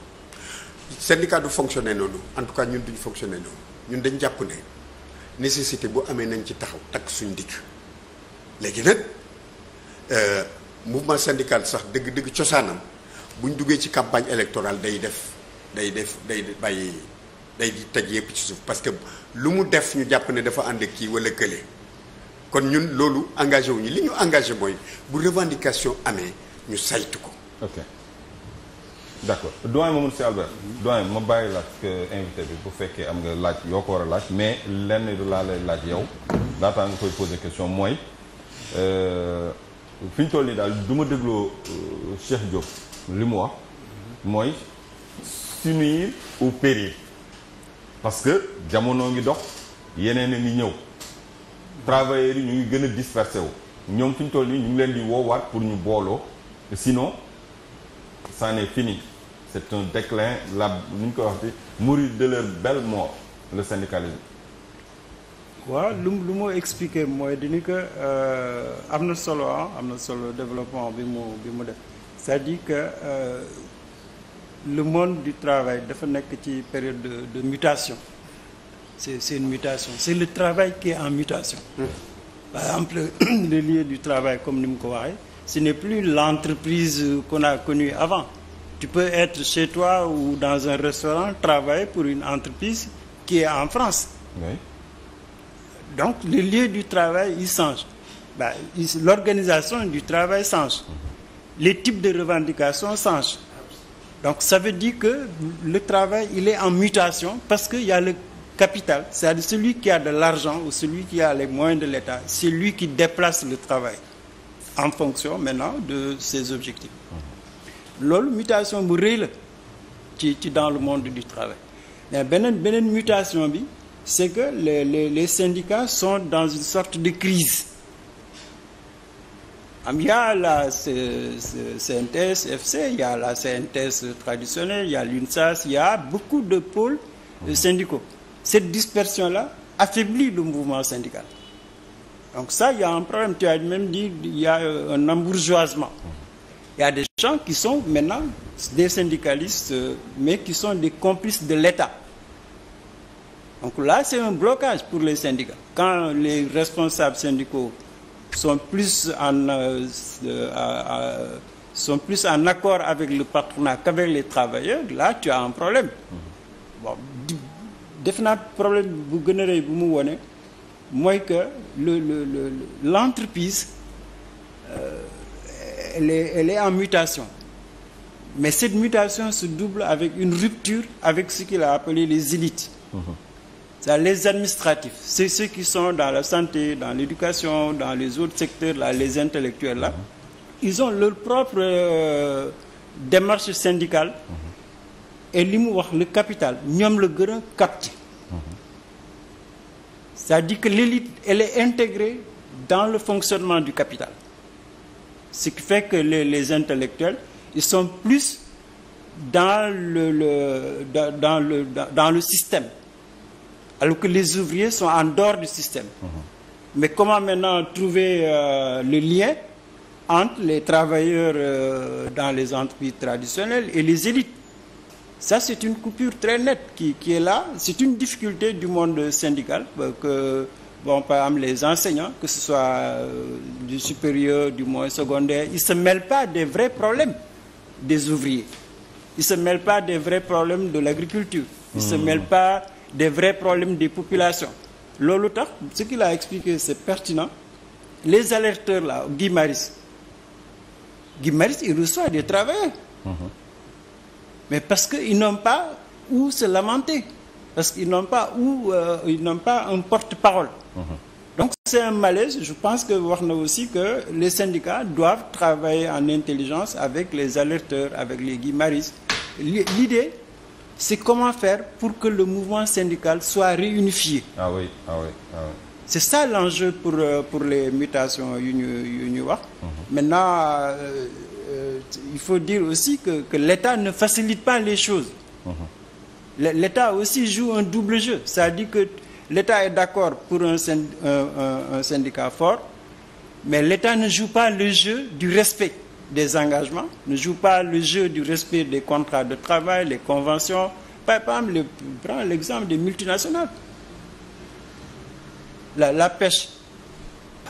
syndicat du fonctionner noonu en tout cas ñun duñu fonctionner noonu ñun dañ jàpp ne nécessité bu amee nañ ci taxaw takk suñ dikk léegi nag euh, mouvement syndical sax dëgg-dëgg cosaanam buñ duggee ci campagne électorale day def day def day bàyyi day di teg yëpp ci suuf parce que lu mu def ñu jàpp ne dafa ànd ak kii wala kële kon ñun loolu engagé wu ñu li ñu engagé mooy bu revendication amee ñu saytu ko. ok d'accord doyen Mamadou Sy Albert. Mm-hmm. doyen ma bàyyi la euh, invité bi bu fekkee am nga laaj yoo ko war a laaj mais lenn du laa lay laaj yow laataa nga koy poser question mooy. Euh, fi ñu toll nii daal du ma dégloo euh, Cheikh Diop li mu wax mooy s'unir ou périr parce que jamono ngi dox yeneen a ngi ñëw travailleurs yi ñu ngi gën a dispersé wu ñoom fi ñu toll nii ñu leen di woowaat pour ñu booloo sinon c'en est fini c'est un déclin la nu ñu koy wax ti mourir de leur belle mort le syndicalisme waaw lu lu moo expliquer mooy dinu que euh, am na solo ah am na solo développement bi mu bi mu def c'est-à-dire que euh, le monde du travail dafa nekk ci période de, de mutation c'est c'est une mutation c'est le travail qui est en mutation mmh. par exemple <coughs> le lieu du travail comme ni mu ko waxee ce n'est plus l'entreprise qu'on a connue avant tu peux être chez toi ou dans un restaurant travailler pour une entreprise qui est en France Donc le lieu du travail, il change. Bah, L'organisation du travail change. Les types de revendication changent. Donc ça veut dire que le travail, est en mutation parce qu'il y a le capital, c'est-à-dire celui qui a de l'argent ou celui qui a les moyens de l'État, c'est lui qui déplace le travail en fonction de ses objectifs. loolu mutation bu rëy la ci ci dans le monde du travail mais beneen beneen mutation bi c'est que les, les, les, syndicats sont dans une sorte de crise. Il y a la CNTS, FC, il y a la CNTS traditionnelle, il y a l'UNSAS, il y a beaucoup de pôles euh, mmh. syndicaux. Cette dispersion-là affaiblit le mouvement syndical. Donc ça, il y a un problème. Tu as même dit qu'il y a euh, un embourgeoisement. Il y a des gens qui sont maintenant des syndicalistes, euh, mais qui sont des complices de l'État. Donc là, c'est un blocage pour les syndicats. Quand les responsables syndicaux sont plus en, euh, euh, à, à, sont plus en accord avec le patronat qu'avec les travailleurs, là, tu as un problème. Bon, def naa problème bu gën a rëy bu mu wone mooy que le le le l'entreprise euh, elle est elle est en mutation. Mais cette mutation se double avec une rupture avec ce qu'il a appelé les élites. Mmh. Ça, les administratifs, c'est ceux qui sont dans la santé, dans l'éducation, dans les autres secteurs, là, les intellectuels, là. Mhm. Ils ont leur propre euh, démarche syndicale. Mhm. Et li mu wax le capital ñoom la gën a capté. Mhm. C'est-à-dire que est intégrée dans le fonctionnement du capital. Ce qui fait que les, les intellectuels, ils sont plus dans le, le, dans, dans le, dans, dans le système. alors que les ouvriers sont en dehors du système. Mmh. Mais comment maintenant trouver euh, le lien entre les travailleurs euh, dans les entreprises traditionnelles et les élites? Ça, c'est une coupure très nette qui qui est là. C'est une difficulté du monde syndical euh, que bon par exemple les enseignants que ce soit euh, du supérieur du moyen secondaire ils se mêlent pas des vrais problèmes des ouvriers ils se mêlent pas des vrais problèmes de l'agriculture ils mmh. se mêlent pas des vrais problèmes des population loolu tax ce qu'il a expliqué c'est pertinent les alerteurs là Guy Marius Guy Marius il reçoit des travailleurs mhm. mais parce que ils n'ont pas où se lamenter parce qu'ils n'ont pas euh, un porte-parole mhm. donc c'est un malaise je pense que wax na aussi que les syndicats doivent travailler en intelligence avec les alerteurs avec les Guy Marius l'idée c'est comment faire pour que le mouvement syndical soit réunifié. ah oui ah oui ah oui. c'est ça l'enjeu pour euh, pour les mutations yu ñu yu ñu wax. Mhm. Euh, euh, il faut dire aussi que que l'État ne facilite pas les choses. Mhm. L'État aussi joue un double jeu c'est-à-dire que l'État est d'accord pour un syndicat fort mais l'État ne joue pas le jeu du respect. des engagements, ne joue pas le jeu du respect des contrats de travail, les conventions. Par exemple, le, prends l'exemple des multinationales. La, la pêche.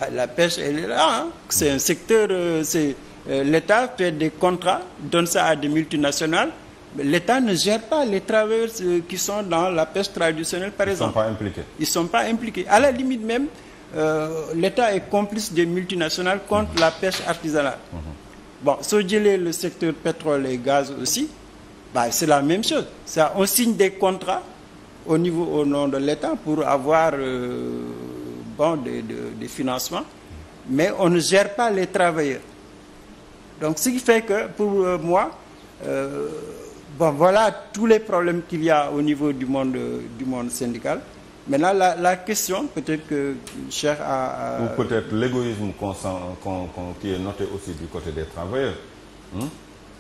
Ah, la pêche, elle est là. Hein. C'est un secteur, euh, c'est euh, l'État fait des contrats, donne ça à des multinationales. L'État ne gère pas les travailleurs euh, qui sont dans la pêche traditionnelle, par Ils exemple. Ils ne sont pas impliqués. Ils ne sont pas impliqués. À la limite même, euh, l'État est complice des multinationales contre mmh. la pêche artisanale. Mmh. bon soo jëlee le secteur pétrole et gaz aussi bah c'est la même chose ça on signe des contrats au niveau au nom de l'État pour avoir euh, bon des de, financements mais on ne gère pas les travailleurs donc ce qui fait que pour euh, moi euh, bon voilà tous les problèmes qu'il y a au niveau du monde euh, du monde syndical Maintenant, la, la question, peut-être que cher à... à... Ou peut-être l'égoïsme qui est noté aussi du côté des travailleurs.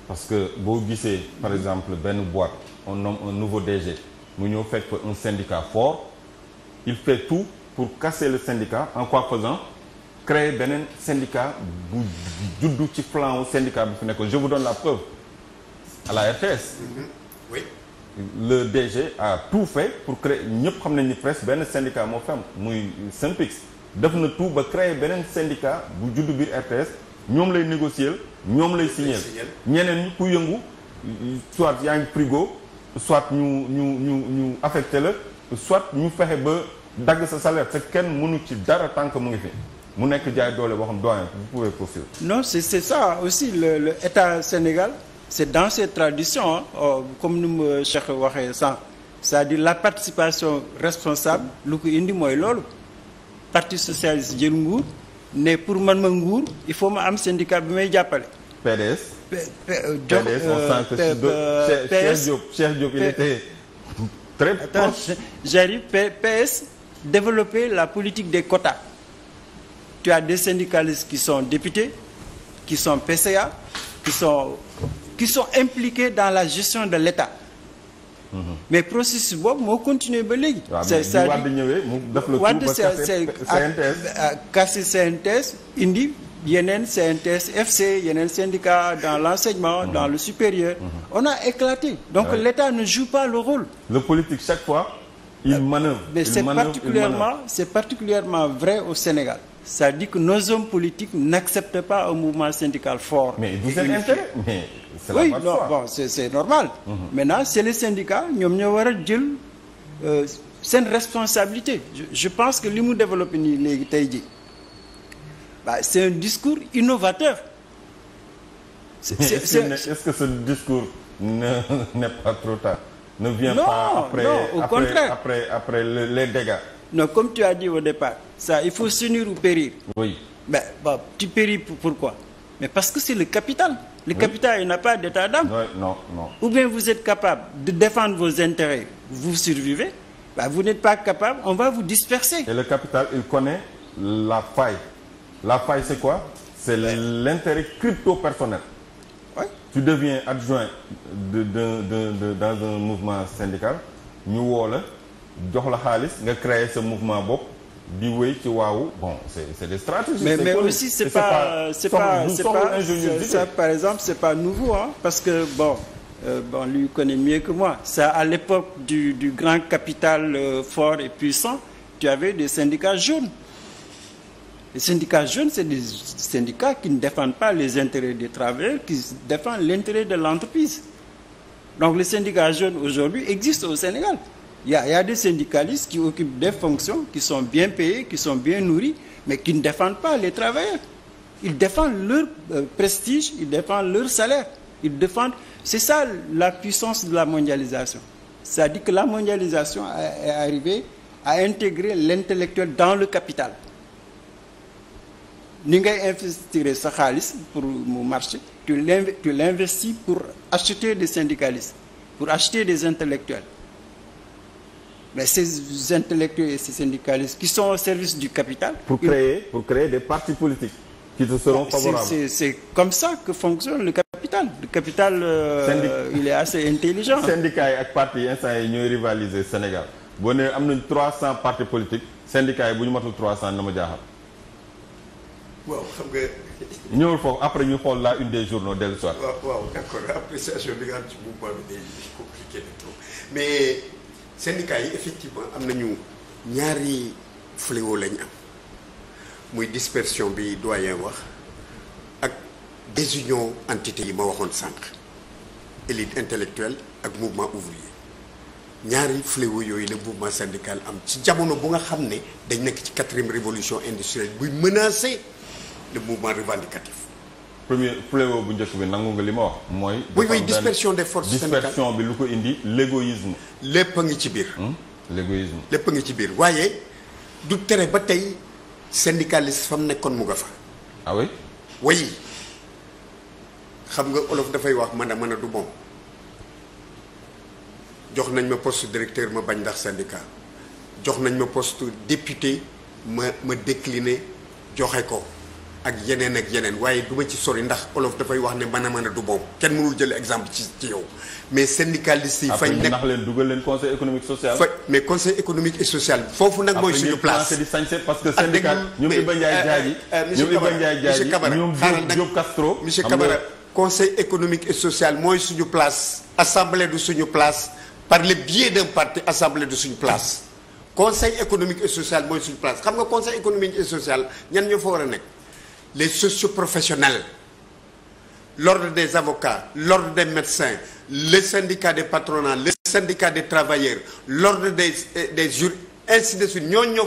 Parce que, vous guissez, par exemple, Ben Boîte, on nomme un nouveau DG, nous fait un syndicat fort, il fait tout pour casser le syndicat, en quoi faisant créer beneen syndicat bu juddu ci flanc syndicat bi fi nekkoon je la RTS. le DG a tout fait pour créer ñëpp xam nañ ni presse benn syndicat moo fi am muy SYNPICS def na tout ba créer beneen syndicat bu juddu biir RTS ñoom lay négocier ñoom lay signer ñeneen ñi ku yëngu soit yaa ngi frigo soit ñu ñu ñu ñu affecté la soit ñu fexe ba dagg sa salaire te kenn mënu ci dara tant mu ngi fi mu nekk jaay doole boo xam doyen vous pouvez poursuivre non c'est c'est ça aussi le état Sénégal c'est dans ces traditions oh, comme ni ma euh, Cheikh waxee sànq c'est-à-dire la participation responsable lu ko indi mooy loolu parti socialiste jël nguur ne pour man ma nguur il faut ma am syndicat bi may jàppale. PDS. Euh, jox PDS on euh, sent que développer la politique des quotas tu as des syndicalistes qui sont députés qui sont PCA qui sont qui sont impliqués dans la gestion de l'État mhm. mais processus boobu moo continuer ba léegi. c'est c'est Wade casser CNTS indi yeneen CNTS FC yeneen syndicat dans l'enseignement mmh. dans le supérieur. Mhm. on a éclaté. donc ouais. l'État ne joue pas le rôle. le politique chaque fois il euh, manœuvre. mais c'est particulièrement c'est particulièrement vrai au Sénégal. c'est-à-dire que nos hommes politiques n'acceptent pas un mouvement syndical fort. Mais vous êtes Mais c'est oui, non, soir. bon, c'est c'est normal. Mm -hmm. Maintenant, c'est les syndicats ñoom ñoo war a jël euh, responsabilité. Je, pense que li mu développé nii léegi tey jii bah c'est un discours innovateur. est, est-ce, est... est-ce que ce discours ne <laughs> non, au contraire après les dégâts. non comme tu as dit au départ ça il faut s'unir ou périr oui mais bah, tu péris pour, pourquoi mais parce que c'est le capital le capital il n'a pas d'état d'âme non ou bien vous êtes capable de défendre vos intérêts vous survivez bah, vous n'êtes pas capable on va vous disperser et le capital il connaît la faille la faille c'est quoi c'est l'intérêt crypto-personnel oui. tu deviens adjoint dans un mouvement syndical ñu woo jox la xaalis nga créer sa mouvement bopp di wéy ci waaw bon c'est c'est des stratégies. mais mais aussi c'est pas c'est pas euh, par exemple c'est pas nouveau hein parce que bon. Euh, bon lui connaît mieux que moi ça à l'époque du du grand capital euh, fort et puissant tu avais des syndicats jaunes les syndicats jaunes c'est des syndicats qui ne défendent pas les intérêts des travailleurs qui défendent l'intérêt de l'entreprise donc les syndicats jaunes aujourd'hui existent au Sénégal ya a y a des syndicalistes qui occupent des fonctions qui sont bien payés qui sont bien nourris mais qui ne défendent pas les travailleurs ils défendent leur euh, prestige ils défendent leur salaire ils défendent c'est ça la puissance de la mondialisation c'est-à-dire que la mondialisation est arrivée à intégrer l'intellectuel dans le capital ni ngay investir sa xaalis pour mu marché tu l'investis pour acheter des syndicalistes pour acheter des intellectuels mais ces intellectuels et ces syndicalistes qui sont au service du capital. Pour créer, ils... pour créer des partis politiques qui te seront favorables. C'est comme ça que fonctionne le capital. Le capital, euh, il est assez intelligent. syndicats yi ak parti yi instant yi ñooy rivaliser Sénégal boo nee am nañ 300 partis politiques syndicats yi bu ñu matul 300 na ma jaaxal. waaw xam nga. après ñu xool la une des journaux dellu soir. waaw waaw d' accord syndicat yi effectivement am nañu ñaari fléau lañu am muy dispersion bi doyen wax ak désunion entité yi ma waxoon sànq élite intellectuelle ak mouvement ouvrier ñaari fléau yooyu la mouvement syndical am ci jamono bu nga xam ne dañ nekk ci quatrième révolution industrielle buy menacer le mouvement revendicatif premier pléau bu njëkk bi nangu nga li ma wax mooy. oui oui dispersion des forces syndicales dispersion bi lu ko indi l'égoïsme. lépp a ngi ci biir. Hmm? l'égoïsme lépp a ngi ci biir waaye du tere ba tey syndicaliste fa mu nekkoon mu nga fa. ah oui. xam nga olof dafay wax mën a mën a du moom jox nañ ma poste directeur ma bañ ndax syndicat jox nañ ma poste député ma ma décliné joxe ko. ak yeneen ak yeneen waaye du ma ci sori ndax olof dafay wax ne mën a mën a du boobu kenn mënul jël exemple ci ci yow mais syndicalistes yi. fañ nekk leen dugal leen conseil économique social. fa mais conseil économique et social. foofu nag mooy suñu place après ah, euh, euh, euh, mooy suñu place. assemblée du suñu place par le biais d'un parti assemblée du suñu place conseil économique et social mooy suñu place xam nga conseil économique et social ñan ñoo fa war a nekk. les socioprofessionnels, l'ordre des avocats, l'ordre des médecins, les syndicats des patronats, les syndicats des travailleurs, l'ordre des, eh, des juristes, ainsi de suite. Nous avons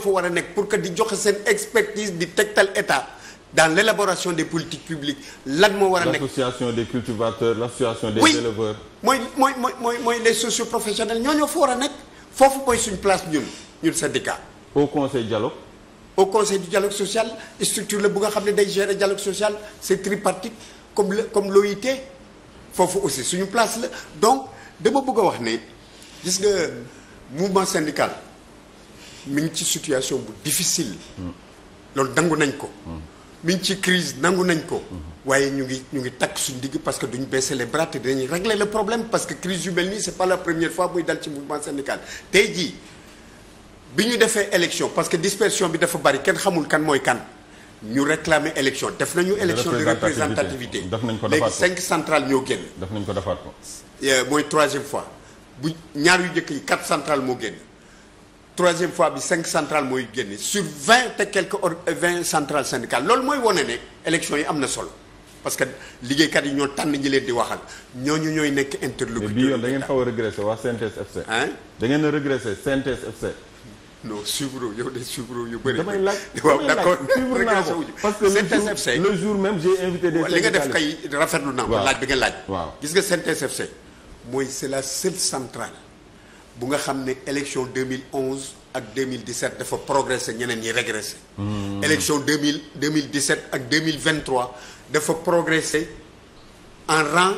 pour que nous une expertise du tectal État dans l'élaboration des politiques publiques. L'association des cultivateurs, l'association des oui. éleveurs. Moi, moi, moi, moi, les socioprofessionnels, nous avons une place, nous, nous, syndicats. Au conseil dialogue au conseil du dialogue social structure la bu nga xam ne day gérer dialogue social c'est tripartite comme le foofu aussi suñu place la donc dama bëgg a wax ne gis nga mouvement syndical mi ngi ci situation bu difficile loolu nangu nañ ko mi ngi ci crise nangu nañ ko waaye ñu ngi ñu ngi takk suñu digg parce que duñu baisser les bras te dinañ régler le problème parce que crise yu mel nii c'est pas la première fois buy dal ci mouvement syndical tey bi ñu defee élection parce que dispersion bi dafa bari kenn xamul kan mooy kan ñu réclamer élection def nañu élection de représentativité léegi cinq centrales ñoo génn def nañ ko defaat ko euh, mooy troisième fois bu ñaar yu njëkk yi quatre centrale moo génn troisième fois bi cinq centrale mooy génn sur vingt et quelques or euh, vingt centrales syndicales loolu mooy wane ne élection yi am na solo parce que liggéeykat yi ñoo tànn ñi leen di waxal ñooñu ñooy nekk interlocuteur. mais bii yoon da a régressé waa CNTS FC. da ngeen a régressé non suivre yow de suivre yu bëri. damay laaj <laughs> waaw d'accord suivre naa parce que CNTSFC le jour même j'ai invité des li nga def kay rafetlu naa ko laaj bi nga laaj. waaw gis nga CNTSFC mooy c'est la seule centrale bu nga xam ne élection 2011 ak 2017 dafa progressé ñeneen ñi régressé. Hmm. élection 2000 2017 ak 2023 dafa progressé en rang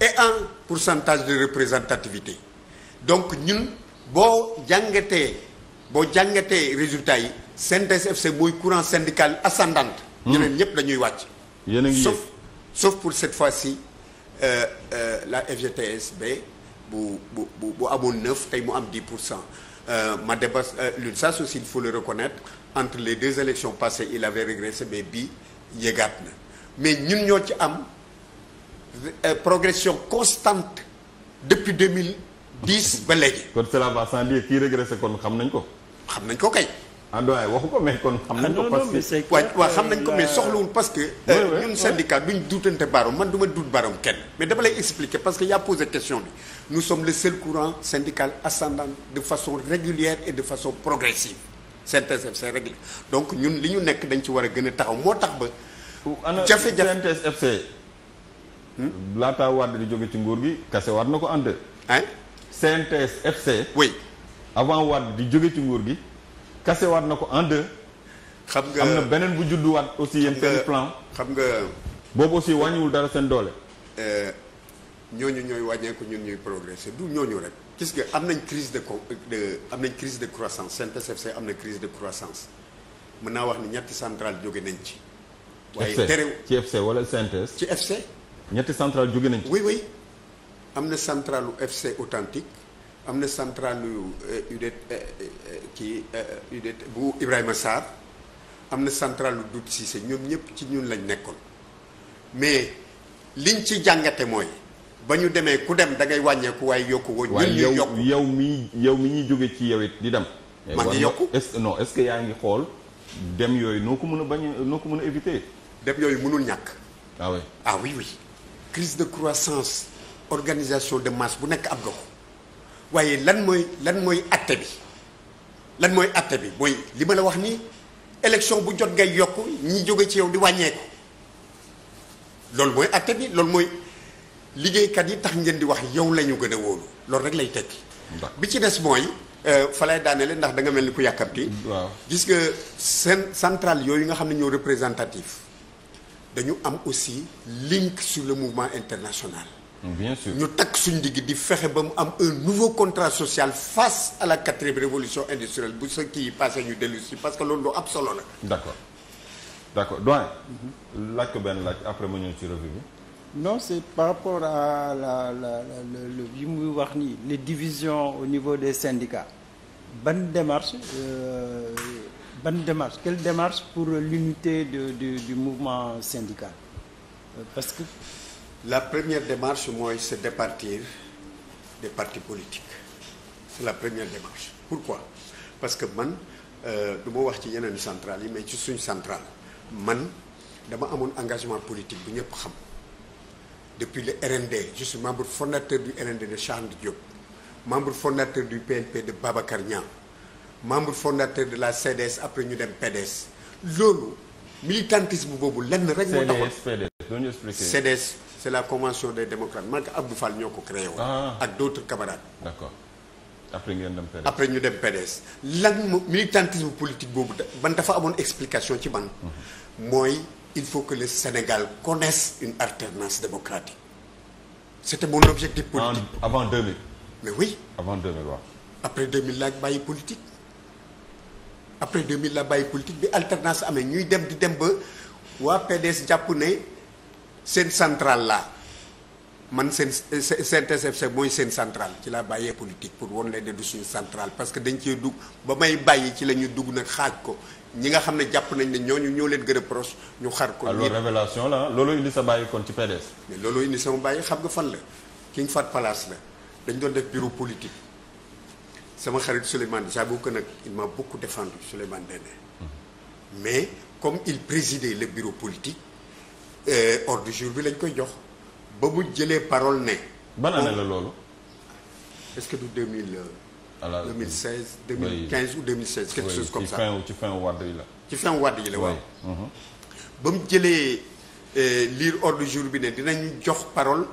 et en pourcentage de représentativité donc ñun boo jàngatee. boo jàngatee résultat yi CNTS FC mooy courant syndical ascendante. Hmm. ñeneen ñëpp dañuy wàcc. yéen a ngi sauf sauf pour cette fois si euh, euh, la FGTSB bu bu bu bu amoon 9 tey mu am 10 pour cent euh, ma débat euh, l'URSSAF aussi il faut le reconnaître entre les deux élections passées il avait régressé mais bii yéegaat na mais ñun ñoo ci am euh, progression constante depuis 2010 ba léegi. kon cela va sans dire kii régressé kon xam nañ ko. xam nañ ko kay. ah doyen waxu ko mais kon xam nañ ko ah, parce que waaw waaw xam nañ ko mais euh, soxlawul parce que euh, ñun syndicat duñ duutante barom man du ma duut barom kenn mais dama lay expliquer parce que yaa posé question bi nous sommes le seul courant syndical ascendant de façon régulière et de façon progressive CNTS FC régulier donc ñun li ñu nekk dañ ci war a gën a taxaw moo tax ba jafe-jafe CNTS FC hmm? laataa Wade di jóge ci nguur gi kase waat na ko en deux CNTS FC avant Wade di jóge ci nguur gi kasewaat na ko en deux. xam nga am na beneen bu judduwaat aussi yéen seen plan. xam nga boobu aussi wàññiwul dara seen doole. Eh, ñooñu ñooy wàññeeku ñun ñuy progresser du ñooñu rek. gis nga am nañ crise de co de am nañ crise de croissance CNTS/FC am na crise de croissance mën naa wax ni ñetti central jóge nañ ci. waaye terew ci FC wala CNTS. ci FC. ñetti central jóge nañ ci. oui oui am na centralu FC authentique am na centrale yu eh, UDT eh, eh, kii UDT bu Ibrahima Sarr am na centrale lu Doudou Cissé ñoom ñëpp ci ñun lañ nekkoon mais liñ ci jàngate mooy ba ñu demee ku dem da ngay wàññeeku waaye yokku woo ñun ñu yokku yow mi yow mi ñuy jógee ci yow it di dem ma ngi yokku est non est-ce que yaa ngi xool dem yooyu noo ko mën a bañ noo ko mën a éviter dem yooyu mënul ñàkk ah, ah oui ah crise de croissance organisation de masse bu nekk ab dox waaye lan mooy lan mooy atte bi lan mooy atte bi mooy li ma la wax nii élection bu jot ngay yokk ñi jóge ci yow di wàññeeku loolu mooy atte bi loolu mooy liggéeykat yi tax ngeen di wax yow la ñu gën a wóolu loolu rek lay tekki bi ci des mooy euh, fa lay daanele ndax da nga mel ni ku yàkkamti waaw gis nga seen centrale yooyu nga xam ne ñoo représentatif dañu am aussi link sur le mouvement international bien sûr ñu takk suñu digg di fexe ba mu am un nouveau contrat social face à la quatrième révolution industrielle bu sa kii passé ñu dellu si parce que loolu lu am solo la. d'accord d'accord doyen. laaj ko ben laaj après ma ñëw ci revue bi. non c'est par rapport à la la le li muy wax nii les divisions au niveau des syndicats ban démarche euh, ban démarche quelle démarche pour l'unité de, de du mouvement syndical euh, parce que. la première démarche mooy se départir des parti politiques c'est la première démarche pourquoi parce que man euh, du ma wax ci yeneen centrale yi mais ci suñ centrale man dama amoon engagement politique bu ñëpp xam depuis le RND je membre fondateur du RND de Cheikh Anta Diop membre fondateur du PNP de Babacar Niang membre fondateur de la CDS après ñu dem PDS loolu militantisme boobu lenn rek moo taxoon CDS c'est la convention des démocrates man ak Abdou Fall ñoo ko créé woon. Ah. ak d'autres camarades. d'accord après ngeen dem après ñu dem PDS lan militantisme politique boobu ban dafa amoon explication ci man. Mhm. mooy il faut que le Sénégal connaisse une alternance démocratique. c'était mon objectif politique. En, avant 2000. mais oui. avant 2000 waaw. après 2000 laa bàyyi politique. après 2000 laa bàyyi politique bi alternance amee ñuy dem di dem ba waa PDS jàpp ne. seen centrale la man seen CNTS/FC mooy seen central ci laa bàyyee politique pour won leen ne du suñu centrale parce que dañ cee dugg ba may bàyyi ci la ñu dugg nag xaaj ko ñi nga xam ne jàpp nañ ne ñooñu ñoo leen gën a proche ñu xar ko. alors la loolu indi sa bàyyi kon ci PDS. mais loolu indi sama bàyyi xam nga fan la King Fahd Palace la dañ doon def bureau politique sama xarit Souleymane j'avoue que nag il m'a beaucoup défendu Souleymane Ndéné mmh. mais comme il présidait le bureau politique. Euh, ordre du jour bi lañ koy jox ba mu jëlee parole ne. ban année la loolu. est-ce que du mille voilà 2016 2015 oui. ou 2016. quelque oui, chose comme ça ci fin wàdd yi la. ci fin wàdd yi la waaw. Mhm. ba mu jëlee euh, lire ordre du bi ne dinañ jox parole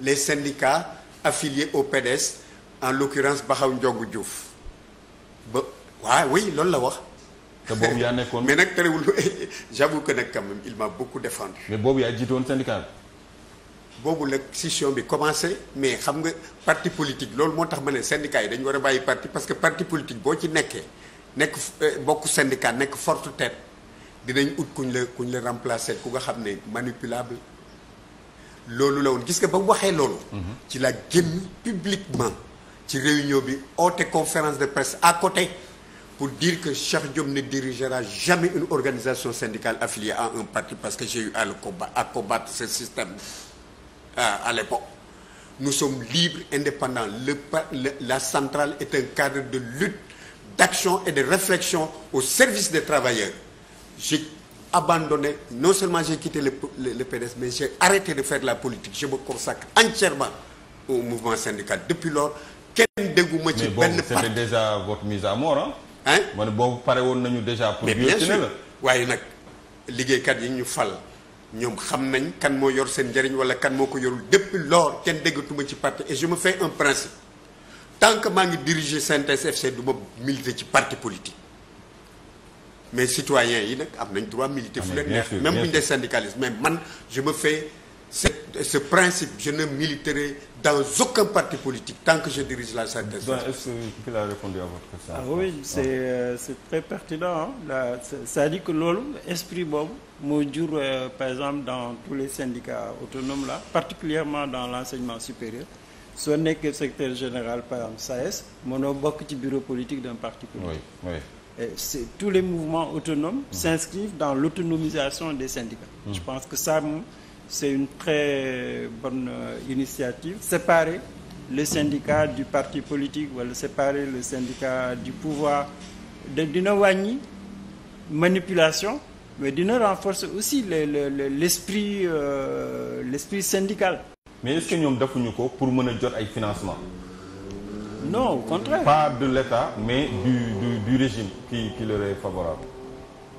les syndicats affiliés au PDS en l'occurrence Bakhaw Ndiongue Diouf ba waaw oui loolu la wax. te boobu yaa nekkoon. mais nag terewul <laughs> j'avoue que nag quand même il m'a beaucoup mais boobu yaa jiite woon syndicat boobu la scission bi commencé mais xam nga parti politique loolu moo tax ma ne syndicat yi dañu war a bàyyi parti parce que parti politique boo ci nekkee nekk euh, bokk syndicat nekk forte tête dinañ ut kuñ la kuñ la remplacer ku nga xam ne manipulable loolu la woon gis nga ba mu waxee loolu. Mhm. ci la génn publiquement ci réunion bi oote conférence de presse à côté. pour dire que Cheikh Diop ne dirigera jamais une organisation syndicale affiliée à un parti parce que j'ai eu à, le combattre, à combattre ce système à, euh, à l'époque. Nous sommes libres, indépendants. Le, la centrale est un cadre de lutte, d'action et de réflexion au service des travailleurs. J'ai abandonné, non seulement j'ai quitté le, le PDS, mais j'ai arrêté de faire de la politique. Je me consacre entièrement au mouvement syndical. Depuis lors, kenn dégguma ci benn parti. Mais bon, déjà votre mise à mort, ah. ma ne boobu pare woon nañu déjà. pour guillotiner la waaye nag liggéeykat yi ñu fal ñoom xam nañ kan moo yor seen njëriñ wala kan moo ko yorul depuis lors kenn déggatuma ci parti et je me fais un principe tant que maa ngi diriger CNTS FC du ma militer ci parti politique mais citoyens yi nag am nañ droit militer ah, fu leen neex même bu ñu dee syndicaliste mais man je me fais ce ce principe je ne militerai dans aucun parti politique tant que je dirige la SADES. Donc, est-ce qu'il a répondu à votre question ah oui c'est euh, c'est très pertinent la jur euh, par exemple dans tous les syndicats autonomes là particulièrement dans l'enseignement supérieur soo nekkee secrétaire général par exemple SAES mënoo bokk ci bureau politique d'un parti politique. oui tous les mouvements autonomes s'inscrivent dans l'autonomisation des syndicats. Mmh. je pense que ça c'est une très bonne euh, initiative séparer le syndicat du parti politique wala séparer le syndicat du pouvoir de dina wàññi manipulation mais dina renforcer aussi le le l'esprit euh, l'esprit syndical. mais est-ce que ñoom defuñu ko pour mën a jot ay financement non au contraire. pas de l'État mais du du régime qui leur est favorable.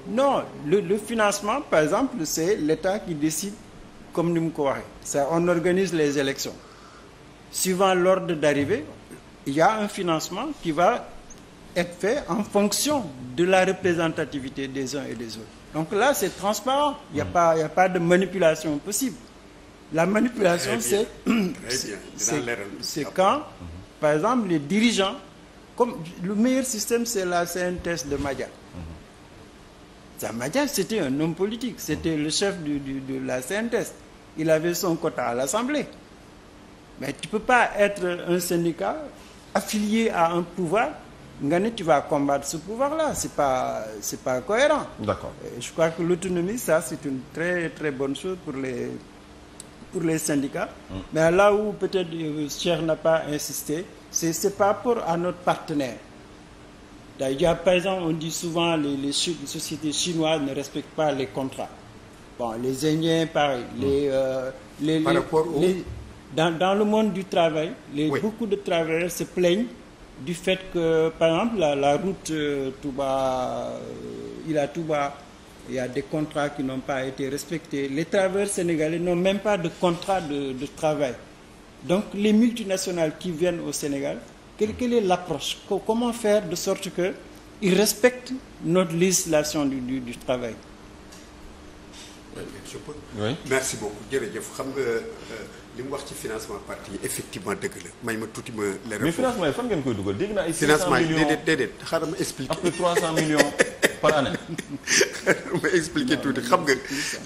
non le financement par exemple c'est l'État qui décide. comme ni mu ko waxee ça on organise les élections suivant l'ordre d'arrivée il y a un financement qui va être fait en fonction de la représentativité des uns et des autres donc là c'est transparent il y a hmm. pas il y a pas de manipulation possible la manipulation c'est <clears throat> c'est quand hmm. par exemple les dirigeants comme le meilleur système c'est la CNTS de Madia Samba Dia c'était un homme politique c'était le chef du, du, de la CNTS il avait son quota à l'Assemblée mais tu peux pas être un syndicat affilié à un pouvoir nga ne tu vas combattre ce pouvoir là c'est pas c'est pas cohérent d'accord je crois que l'autonomie ça c'est une très très bonne chose pour les pour les syndicats mm. mais là où peut-être Cheikh n'a pas insisté c'est c'est par rapport à notre partenaire D'ailleurs, par exemple, on dit souvent les, les, les sociétés chinoises ne respectent pas les contrats. Bon, les Indiens, pareil. Hmm. Les, euh, les, Par rapport aux... dans, dans, le monde du travail, oui. beaucoup de travailleurs se plaignent du fait que, par exemple, la, la route euh, Touba, euh, il a Touba, il y a des contrats qui n'ont pas été respectés. Les travailleurs sénégalais n'ont même pas de contrat de, de travail. Donc, les multinationales qui viennent au Sénégal quelle, quelle est l'approche Comment faire de sorte qu'ils respectent notre législation du, du, du travail oui. merci beaucoup jërëjëf xam nga euh, li mu wax ci financement parti yi effectivement dëgg la may ma tuuti ma. leeral mais financement yi fan ngeen koy dugal dégg naa ay. 500 millions financement déedéet déedéet xaaral ma expliquer. après 300 millions par année. <laughs> ma expliquer tuuti xam nga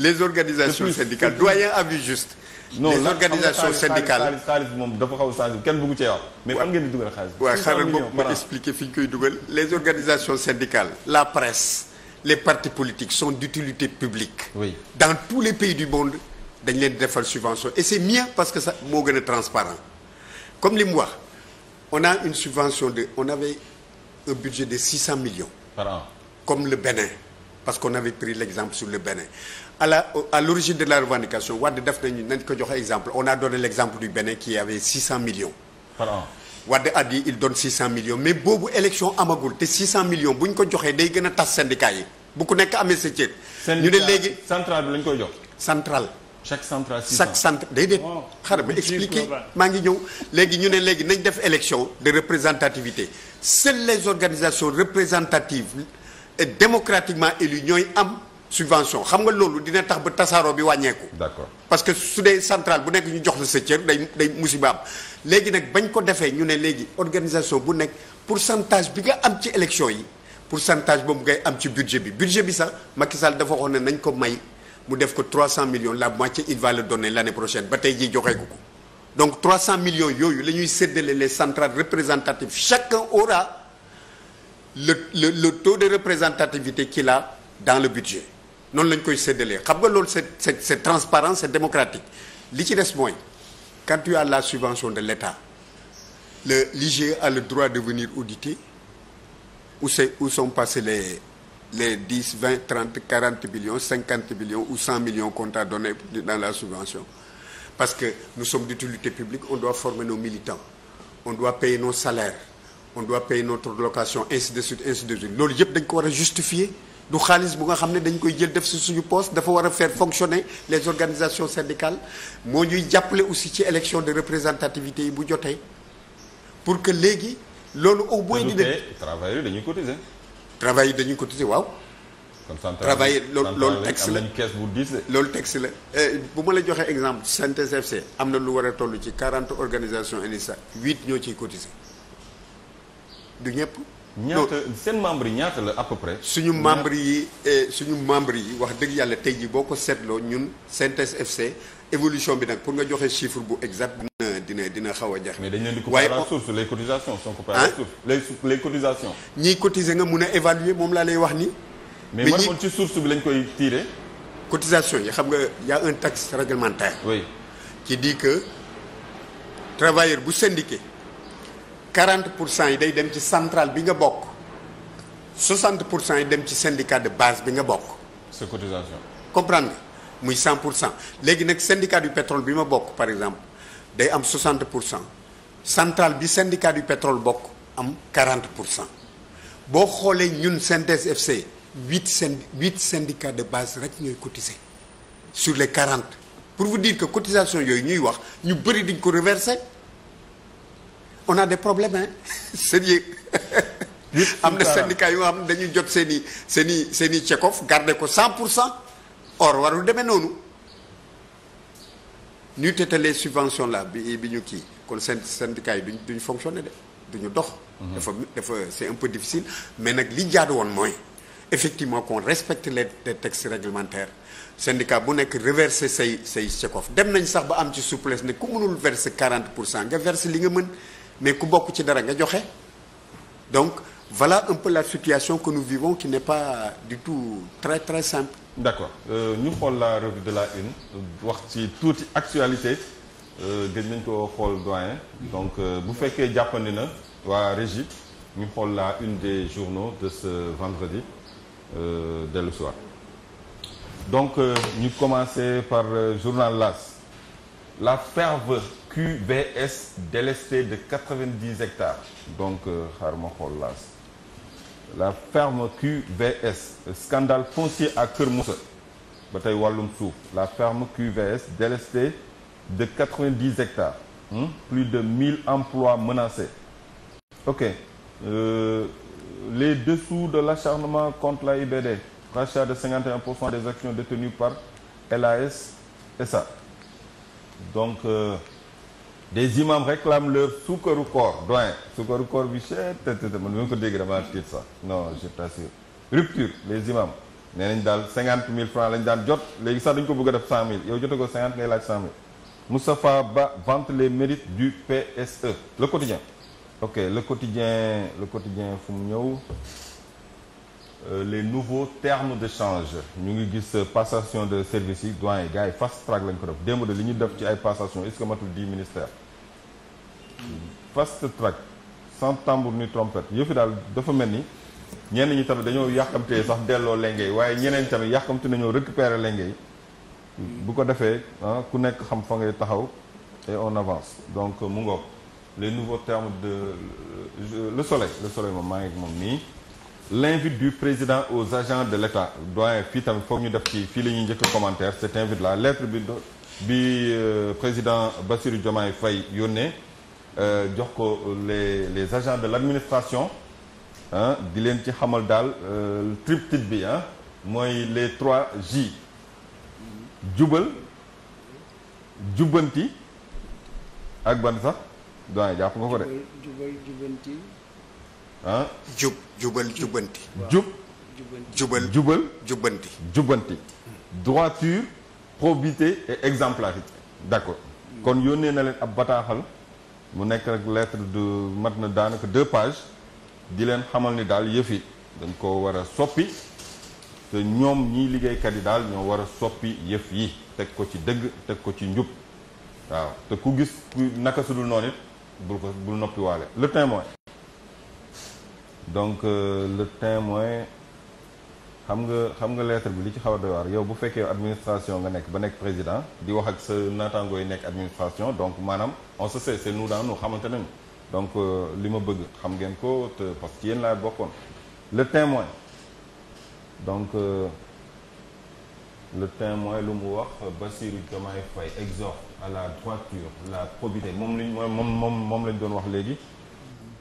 les organisations syndicales doyen a vu juste. non les organisations syndicales xaalis moom dafa xaw a sensible kenn bëggu mais am ngeen di dugal xaalis waaw expliquer fi ñu koy dugal les organisations syndicales la presse les partis politiques sont d'utilité publique oui dans tous les pays du monde dañ leen di defal subvention et c'est mieux parce que ça moo gën a transparent comme li mu wax on a une subvention de on avait un budget de 600 millions par an comme le Bénin parce qu'on avait pris l'exemple sur le Bénin à la de la revendication Wade def nañu nañ ko joxe exemple on a donné l'exemple du Bénin qui avait 600 millions par an a dit il donne 600 millions mais boobu élection amagul te 600 millions bu ñu ko joxee day gën a tas syndicat yi bu ku nekk amee sa cër ñu ne léegi central bi lañ koy jox central chaque central chaque centre déedéet oh, xaaral ma expliquer maa ngi ñëw léegi ñu ne léegi nañ def élection de représentativité seules les organisations représentatives et démocratiquement élues ñooy am subvention xam nga loolu dina tax ba tasaaroo bi wàññeeku. d'accord parce que su dee centrale bu nekk ñu jox la sa cër day day musibaam léegi nag bañ ko defee ñu ne léegi organisation bu nekk pour pourcentage bi nga am ci élection yi pour pourcentage boobu ngay am ci budget bi budget bi sax Macky Sall dafa waxoon ne nañ ko may mu def ko 300 million la moitié il va le la ne prochaine ba tey jii joxee ko ko donc 300 millions yooyu la ñuy séddale les centrales représentatives chacun aura le le le taux de représentativité qu'il a dans le budget. noonu lañ koy séddalee xam nga loolu c'est c'est c'est transparent c'est démocratique li ci des mooy quand tu as la subvention de l'État le l'IGE a le droit de venir auditer où c'est où sont passés les les 10 20 30 40 millions 50 millions ou 100 millions qu'on t'a donné dans la subvention parce que nous sommes d'utilité publique on doit former nos militants on doit payer nos salaires on doit payer notre location ainsi de suite ainsi de suite loolu yëpp dañ ko war a justifier du xaalis bu nga xam ne dañ koy jël def si suñu poste dafa war a faire fonctionner les organisations syndicales moo ñuy jàppale aussi ci élection de représentativité yi bu jotee pour que léegi loolu au moins di def travailleurs dañuy cotiser travailleurs dañuy cotiser waaw travailler loolu loolu texte la loolu texte la bu ma la joxee exemple CNTS FC am na lu war a toll ci quarante organisation initiales 8 ñoo ciy cotiser du ñëpp ñaata seen membre yi ñaata la à peu suñu membre yi eh, suñu membre yi wax dëgg yàlla tey jii boo ko seetloo ñun CNTS FC évolution bi nag pour nga joxe chiffre bu exact dina dina dina xaw a jax mais dañ leen di couper à la source les cotisations sont coupées à la source les les cotisations. cotiser nga mun a évaluer moom laa lay wax ni. mais man moom ci source bi lañ koy tirer. cotisation yi xam nga y un taxe réglementaire. oui qui dit que travailleur bu syndiqué. 40 pour cent yi day dem ci centrale bi nga bokk 60 pour cent yi dem ci syndicat de base bi nga bokk. c'est cotisation. comprendre nga muy cent pour cent léegi nag syndicat du pétrole bi ma bokk par exemple day am 60 pour cent centrale bi syndicat du pétrole bokk am quarante pour cent boo xoolee ñun synthèse FC huit syn huit syndicats de base rek ñooy cotiser sur les 40 pour vous dire que cotisation yooyu ñuy wax ñu bëri diñ ko reverser. on a des problèmes hein sérieux <laughs> am na syndicat yu nga xam ne dañuy jot seen i seen i seen i cekof garde ko cent pour cent or warul demee noonu ñu tëtalee subvention la bi bi ñu kii kon seen syndicat yi duñ duñ fonctionner de duñu dox mhm. dafa dafa c'est un peu difficile mais nag li jaadu woon mooy effectivement qu'on respecte les, les textes réglementaires syndicat bu nekk reverser say say cekof dem nañ sax ba am ci souplesse ne ku mënul verser 40 pour cent nga verser li nga mën mais ku bokk ci dara nga joxe donc voilà un peu la situation que nous vivons qui n'est pas du tout très très simple. d'accord euh, ñu xool la revue de la une wax ci tuuti actualité euh, gën nañ ko xool doyen. donc euh, bu fekkee jàppandi na waa Régie ñu xool la une des journaux de ce vendredi euh, dès le soir. donc ñu euh, commencer par journal LAS la ferveur. QVS délesté de 90 hectares. Donc, euh, la ferme QVS, scandale foncier à Kermousse, bataille la ferme QVS délestée de 90 hectares, hmm? plus de 1000 emplois menacés. Euh, les dessous de l'acharnement contre la IBD, rachat de 51% des actions détenues par LAS, et euh, des imams réclament leur sukkaru koor doyen sukkaru koor bi cher te te man ko dégg dama tiit sax non rupture les imams nee nañ daal cinquante mille francs lañ daan jot léegi sax dañ ko bëgg a def cent mille yow jote ko cinquante ngay laaj cent mille Moustapha Ba vante les mérites du PSE le quotidien ok le quotidien le quotidien fu mu ñëw euh, les nouveaux termes de change ñu ngi gis euh, passation de service yi doyen gars yi fast track lañ ko def démb de li ñu def ci ay passation matul 10 ministères fast track sans tambour ni trompette yëfi daal dafa mel ni ñenn ñi tamit dañoo yàkkamtee sax delloo lengee waaye ñeneen tamit yàkkamte nañoo récupérer lengee bu ko defee ah, ku nekk xam fa ngay taxaw et on avance donc euh, mu ngoog les nouveaux termes de euh, le soleil le soleil moom maa ngi moom nii l'invite du président aux agents de l'État doyen fii tamit foog ñu def ci fii la ñuy njëkk commentaire cette invite là lettre bi do bi euh, président Bassirou Diomaye Faye yónnee Euh, jox ko les les agents de l'administration ah di leen ci xamal daal euh, triptyque bi ah mooy les trois J jubal jubbanti ak ban sax doyen jàpp nga ko de. jubal jubbanti. ah. jub jubal jubal jubal jubanti jubbanti. droiture probité et exemplarité. d'accord hmm. kon yónnee na leen ab bataaxal. mu nekk rek lettre du mat na daanaka deux pages di leen xamal ni daal yëf dañ koo war a soppi te ñoom ñiy liggéeykat yi daal ñoo war a soppi yëf yi teg ko ci dëgg teg ko ci njub waaw te ku gis ku naka sudul noonu it bul ko bul noppi waale le témoin donc euh, le témoin xam nga xam nga lettre bi li ci xaw a doy waar yow bu fekkee administration nga nekk ba nekk président di wax ak sa naataangoo yi nekk administration donc maanaam on se sait c'est nous dans nous xamante nañu donc euh, li ma bëgg xam ngeen ko te parce que yéen laa bokkoon le témoin donc euh, le témoin lu mu wax ba Bassirou Diomaye Faye exhorte à la droiture la probité moom lañ moom moom moom lañ doon wax léegi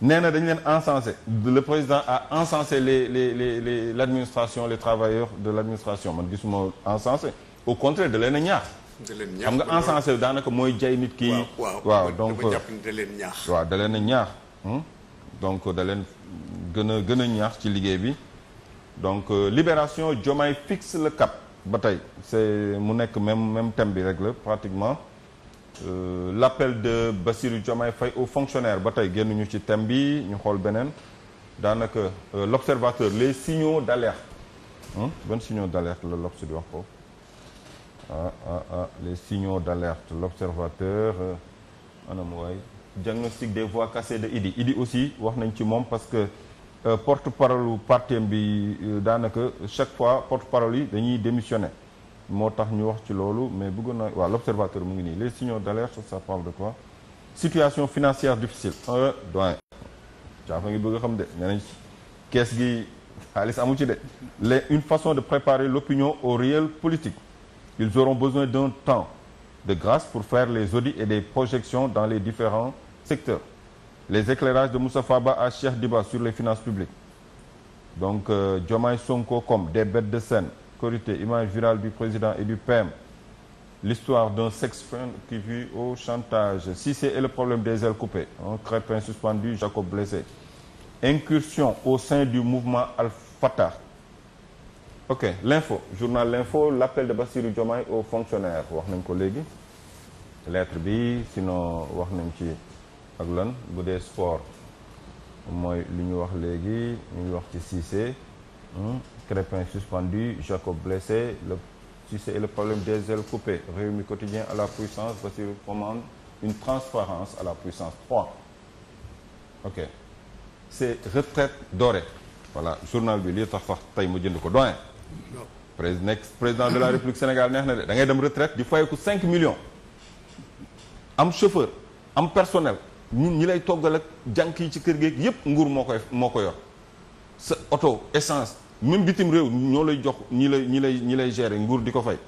nee na dañu leen encensé le président a encensé les les les les l' administration les travailleurs de l' administration man gisuma encensé au contraire da leen a ñaax. da leen ñaax xam nga encensé daanaka mooy jay nit ki. waaw donc leen ñaax. waaw da leen a ñaax hmm? donc da leen gën a gën a ñaax ci liggéey bi donc euh, libération Diomaye fixe le cap ba tey c' est mu nekk même même thème bi rek la pratiquement. Euh, l'appel de Bassirou Diomaye fay au fonctionnaires ba tey génn ñu ci thème bi ñu xool beneen daanaka euh, l'observateur les signaux d'alerte ban signaux d'alerte la l'Obs di wax ah, ah, ah, les signaux d'alerte l'observateur euh, anam waay diagnostic des voies cassées de Idi Idi aussi wax nañ ci moom parce que euh, porte-parole u bi daanaka chaque fois porte-parole yi dañuy démissionner moo tax ñu wax ci loolu mais bëggoon naa waaw l'observateur mu ngi nii les signaux d'alerte ça parle de quoi situation financière difficile un doyen caafa ngi bëgg a xam de nee nañ kees gi xaalis amu ci de les une façon de préparer l'opinion au réel politique ils auront besoin d'un temps de grâce pour faire les audits et des projections dans les différents secteurs les éclairages de Moustapha Ba à Cheikh Diba sur les finances publiques donc euh, Diomaye euh, Sonko des bêtes de scène Korité image virale du président et du PM l'histoire d'un sex friend qui vit au chantage Cissé et le problème des ailes coupées un Crépin suspendu Jacob blessé incursion au sein du mouvement Al-Fatah ok l'info journal l'info l'appel de Bassirou Diomaye au fonctionnaires wax nañ ko léegi lettre bi sinon wax nañ ci ak lan bu dee sport mooy li ñu wax léegi ñu ngi wax ci Cissé Crépin suspendu Jacob blessé le si c'est le problème des ailes coupées Rewmi Quotidien à la puissance Bassirou commande une transparence à la puissance 3 ok c'est retraite dorée voilà journal bi li tax sax tey mu jënd ko doyen président président de la république Sénégal neex na de da ngay dem retraite di fayeku 5 millions am chauffeur am personnel ñun ñi lay toggal ak jànk yi ci kër geeg yépp nguur moo koy moo ko yor sa oto essence même bitim réew ñoo lay jox ñi lay ñi lay ñi lay gérer nguur di ko fay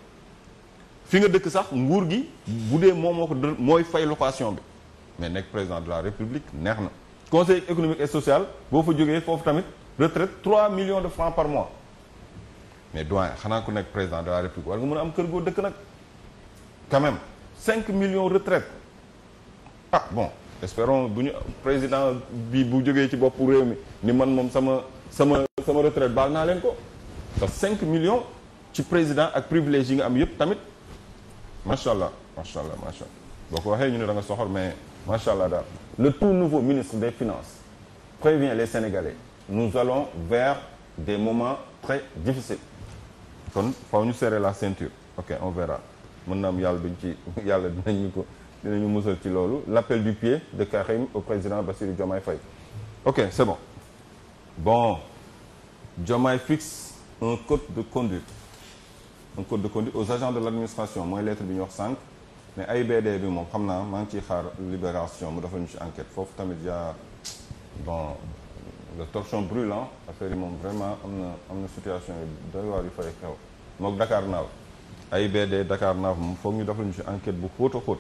fi nga dëkk sax nguur gi bu dee moom moo ko mooy fay location bi mais nekk président de la république neex na conseil économique et social boo fa jógee foofu tamit retraite 3 millions de francs par mois mais doyen xanaa ku nekk président de la république war nga mën a am kër goo dëkk nag quand même 5 millions retraite ah bon espérons bu ñu président bi bu jógee ci bopp réew man moom sama sama sama retraite baal naa leen ko ndax 5 millions ci président ak privilège yi nga am yëpp tamit macha allah macha allah macha boo ko waxee ñu ne da nga soxor mais macha allah daal le tout nouveau ministre des finances prévient les sénégalais nous allons vers des moments très difficiles kon faw ñu serrer la ceinture ok on verra mën na am yàlla duñ ci yàlla dinañ ñu ko dinañu musal ci loolu l' appel du pied de Karim au président Bassirou Diomaye Faye ok c'est bo bon Diomaye fixe un code de conduite un code de conduite aux agents de l'administration mooy lettre bi ñu wax sànq mais AIBD bi moom xam naa maa ngi ciy xaar libération mu dafa ñu ci enquête foofu tamit yaa bon le torchon brûlant affaire yi moom vraiment am na am na situation yi doy waar yu fay xew mook dakaar naaw AIBD Dakar naaw moom foog ñu defal ñu ci enquête bu xóot a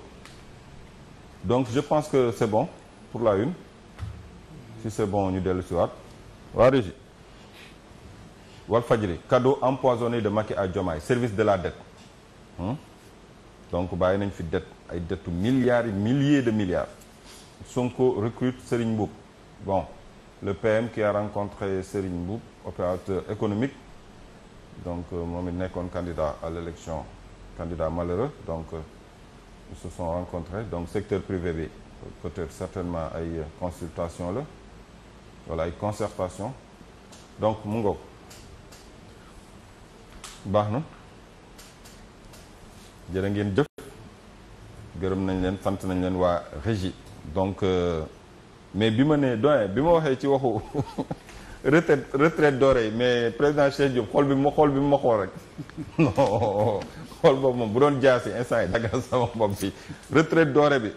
donc je pense que c'est bon pour la une si c'est bon ñu dellu si waat waa Régis Walfadjri cadeau empoisonné de Macky à Diomaye service de la dette hmm? donc bàyyi nañ fi dette ay dettu milliards et milliers de milliards Sonko recrute Serigne Mboup bon le PM qui a rencontré Serigne Mboup opérateur économique donc euh, moom it nekkoon candidat à l'élection candidat malheureux donc euh, se sont rencontrés donc secteur privé bi peut-être certainement ay consultation la wala ay concertation donc mu ngoog baax na jërë ngeen jëf gërëm nañ leen fant nañ leen waa régie donc euh, mais bi ma nee doyen bi ma waxee ci waxu <laughs> retraite retraite doore yi mais président Cheikh Diop xool bi ma xool bi ma xool rek <laughs> non xool boobu moom bu doon jaar si instant yi dagal sama bopp bi retraite doore bi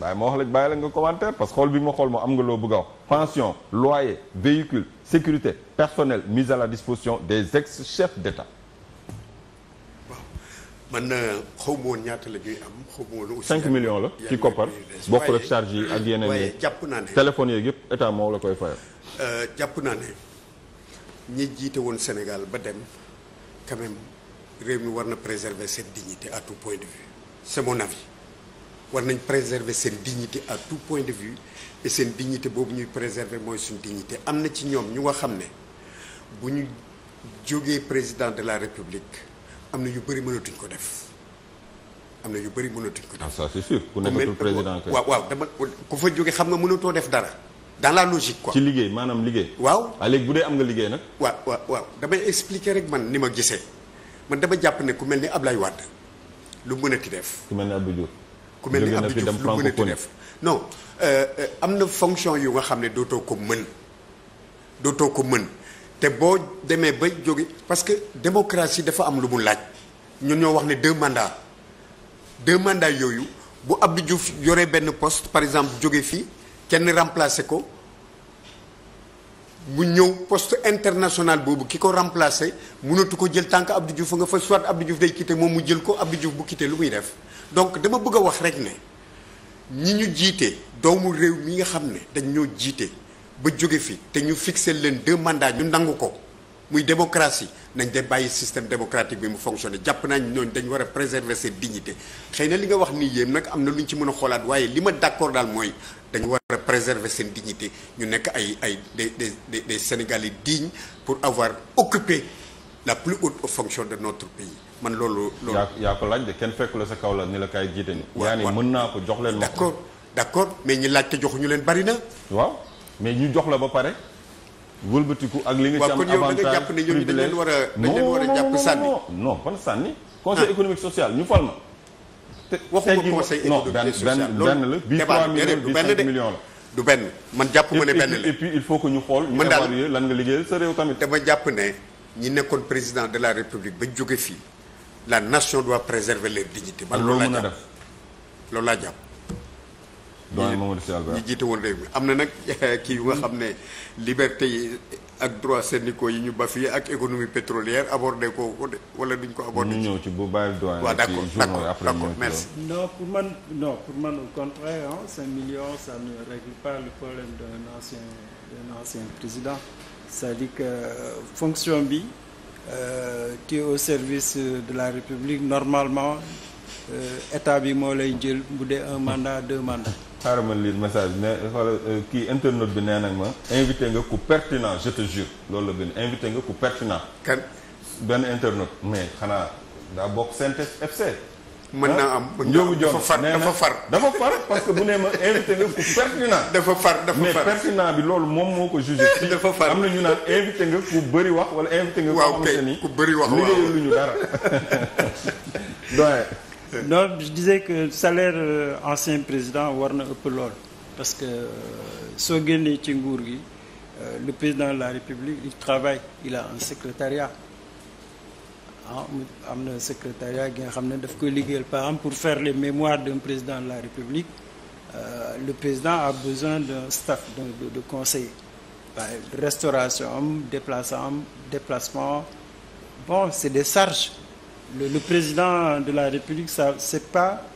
bàyyi ma wax la bàyyi la nga commentaire parce que xool bi ma xool moo am nga loo bëgg a wax pension loyer véhicule sécurité personnel mise à la disposition des ex chefs d'État man euh, xaw ma woon ñaata la ñuy am xaw ma woon la ci koppar bokk rek charge yi ak yeneen yi jàpp naa ne téléphone yeeg yëpp état moo la koy fayal. Euh, jàpp naa ne ñi jiite woon ba dem quand mi war na préserver cette dignité à tout point de vue c'est mon war nañ préserver seen dignité à tout point de vue et seen dignité boobu ñuy préserver mooy suñu dignité am na ci ñoom ñu nga xam ne bu ñu jógee président de la république am na yu bari mënatuñ ko def am na yu bëri mënatuñ ko def. Ah, ça c'est sûr ku nekkatul président kay waaw waaw dama ku fa jógee xam nga mënatoo def dara. dans la logique quoi ci liggéey maanaam liggéey. waaw ah bu dee am nga liggéey nag. waaw waaw waaw damay expliquer rek man ni ma gisee man dama jàpp ne ku mel ni Ablaye Wade lu mënati def. ku mel ni Abdou Diouf. ku mel ni Abdou Diouf lu mënati def non euh, am na fonction yu nga xam ne dootoo ko mën dootoo ko mën te boo demee ba jóge parce que démocratie dafa am lu mu laaj ñun ñoo wax ne deux mandats deux mandats yooyu bu Abdou juuf yoree benn post par exemple jóge fii kenn remplacé ko mu ñëw poste international boobu ki ko remplacé mënatu ko jël tànk Abdou Diouf nga fa soit Abdou Diouf day quitté moom mu jël ko Abdou Diouf bu quitté lu muy def donc dama bëgg a wax rek ne ñi ñu jiite doomu réew mi nga xam ne dañ ñoo jiite ba jóge fi te ñu fixé leen deux mandats ñu nangu ko muy démocratie nañ de bàyyi système démocratique bi mu fonctionné jàpp naa ñooñu dañ war a préserver seen dignité xëy na li nga wax nii yéen nag am na lu ñu ci mën a xoolaat waaye li ma d'accord daal mooy dañu war a préserver seen dignité ñu nekk ay ay des des des Sénégalais dignes pour avoir occupé la plus haute fonction de notre pays man loolu. loolu yaa ko laaj de kenn fekk la sa kaw la ni la kaay jiite ni yaa ni mën naa ko jox leen. ma ko d'accord mais ñi laaj te joxuñu leen bari na. waaw mais ñu jox la ba pare. wëlbatiku ak li nga ci am avantage waaw kon yow da nga jàpp ne ñooñu dañ leen war a. dañ leen war a jàpp sànni non ban sànni. conseil ah. économique social ñu fal ma. te waxuma conseil économique social non benn benn la bii 3 millions bii 5 millions la. du benn man jàpp ma ne benn la et puis il faut que ñu xool. ñu évaluer lan nga liggéeyal sa réew tamit. dama jàpp ne ñi nekkoon président de la république ba jóge fii. la nation doit préserver leur dignité man loolu laa jàpp loolu laa jàpp ñi jiite woon réew mi am na nag <laughs> kii yu nga xam ne liberté yi ak droit syndicaux yi ñu ba fi ak économie pétrolière abordé ko ko de wala duñ ko ñu ñëw ci bu bàyyi doyen. waaw d' accord d' accord d' accord merci. non pour man non pour man au contraire hein, millions ça ne règle pas le problème d'un ancien d'un ancien président cest dire que fonction bi. euh, tu au service de la République normalement euh, état bi moo lay jël bu dee un mandat deux mandats. xaaral ma lire message bi ne xoolal euh, kii internet bi nee nañ ma. invité nga ku pertinent je te jure loolu la benn invité nga ku pertinent. kan benn internet mais xanaa daa bokk CNTS FC. mën naa am ah, njóobu joon dafa far dafa far dafa far parce que bu nee ma invité nga ku pertinent <laughs> dafa far dafa far mais pertinent bi loolu moom moo ko jugé <laughs> dafa far am na ñu naan invité nga ku bëri wax wala invité nga waaw ku bëri wax waaw liggéeyu lu ñu dara <laughs> doyen non je disais que salaire euh, ancien président war na ëpp lool parce que euh, soo génnee ci nguur gi euh, le président de la république il travaille il a un secrétariat ah am na secrétariat gi nga xam ne daf koy liggéeyal par pour faire les mémoires d'un président de la République euh, le président a besoin d'un staff de de, de conseiller restauration am déplacement déplacement bon c'est des charges le, le président de la République c'est pas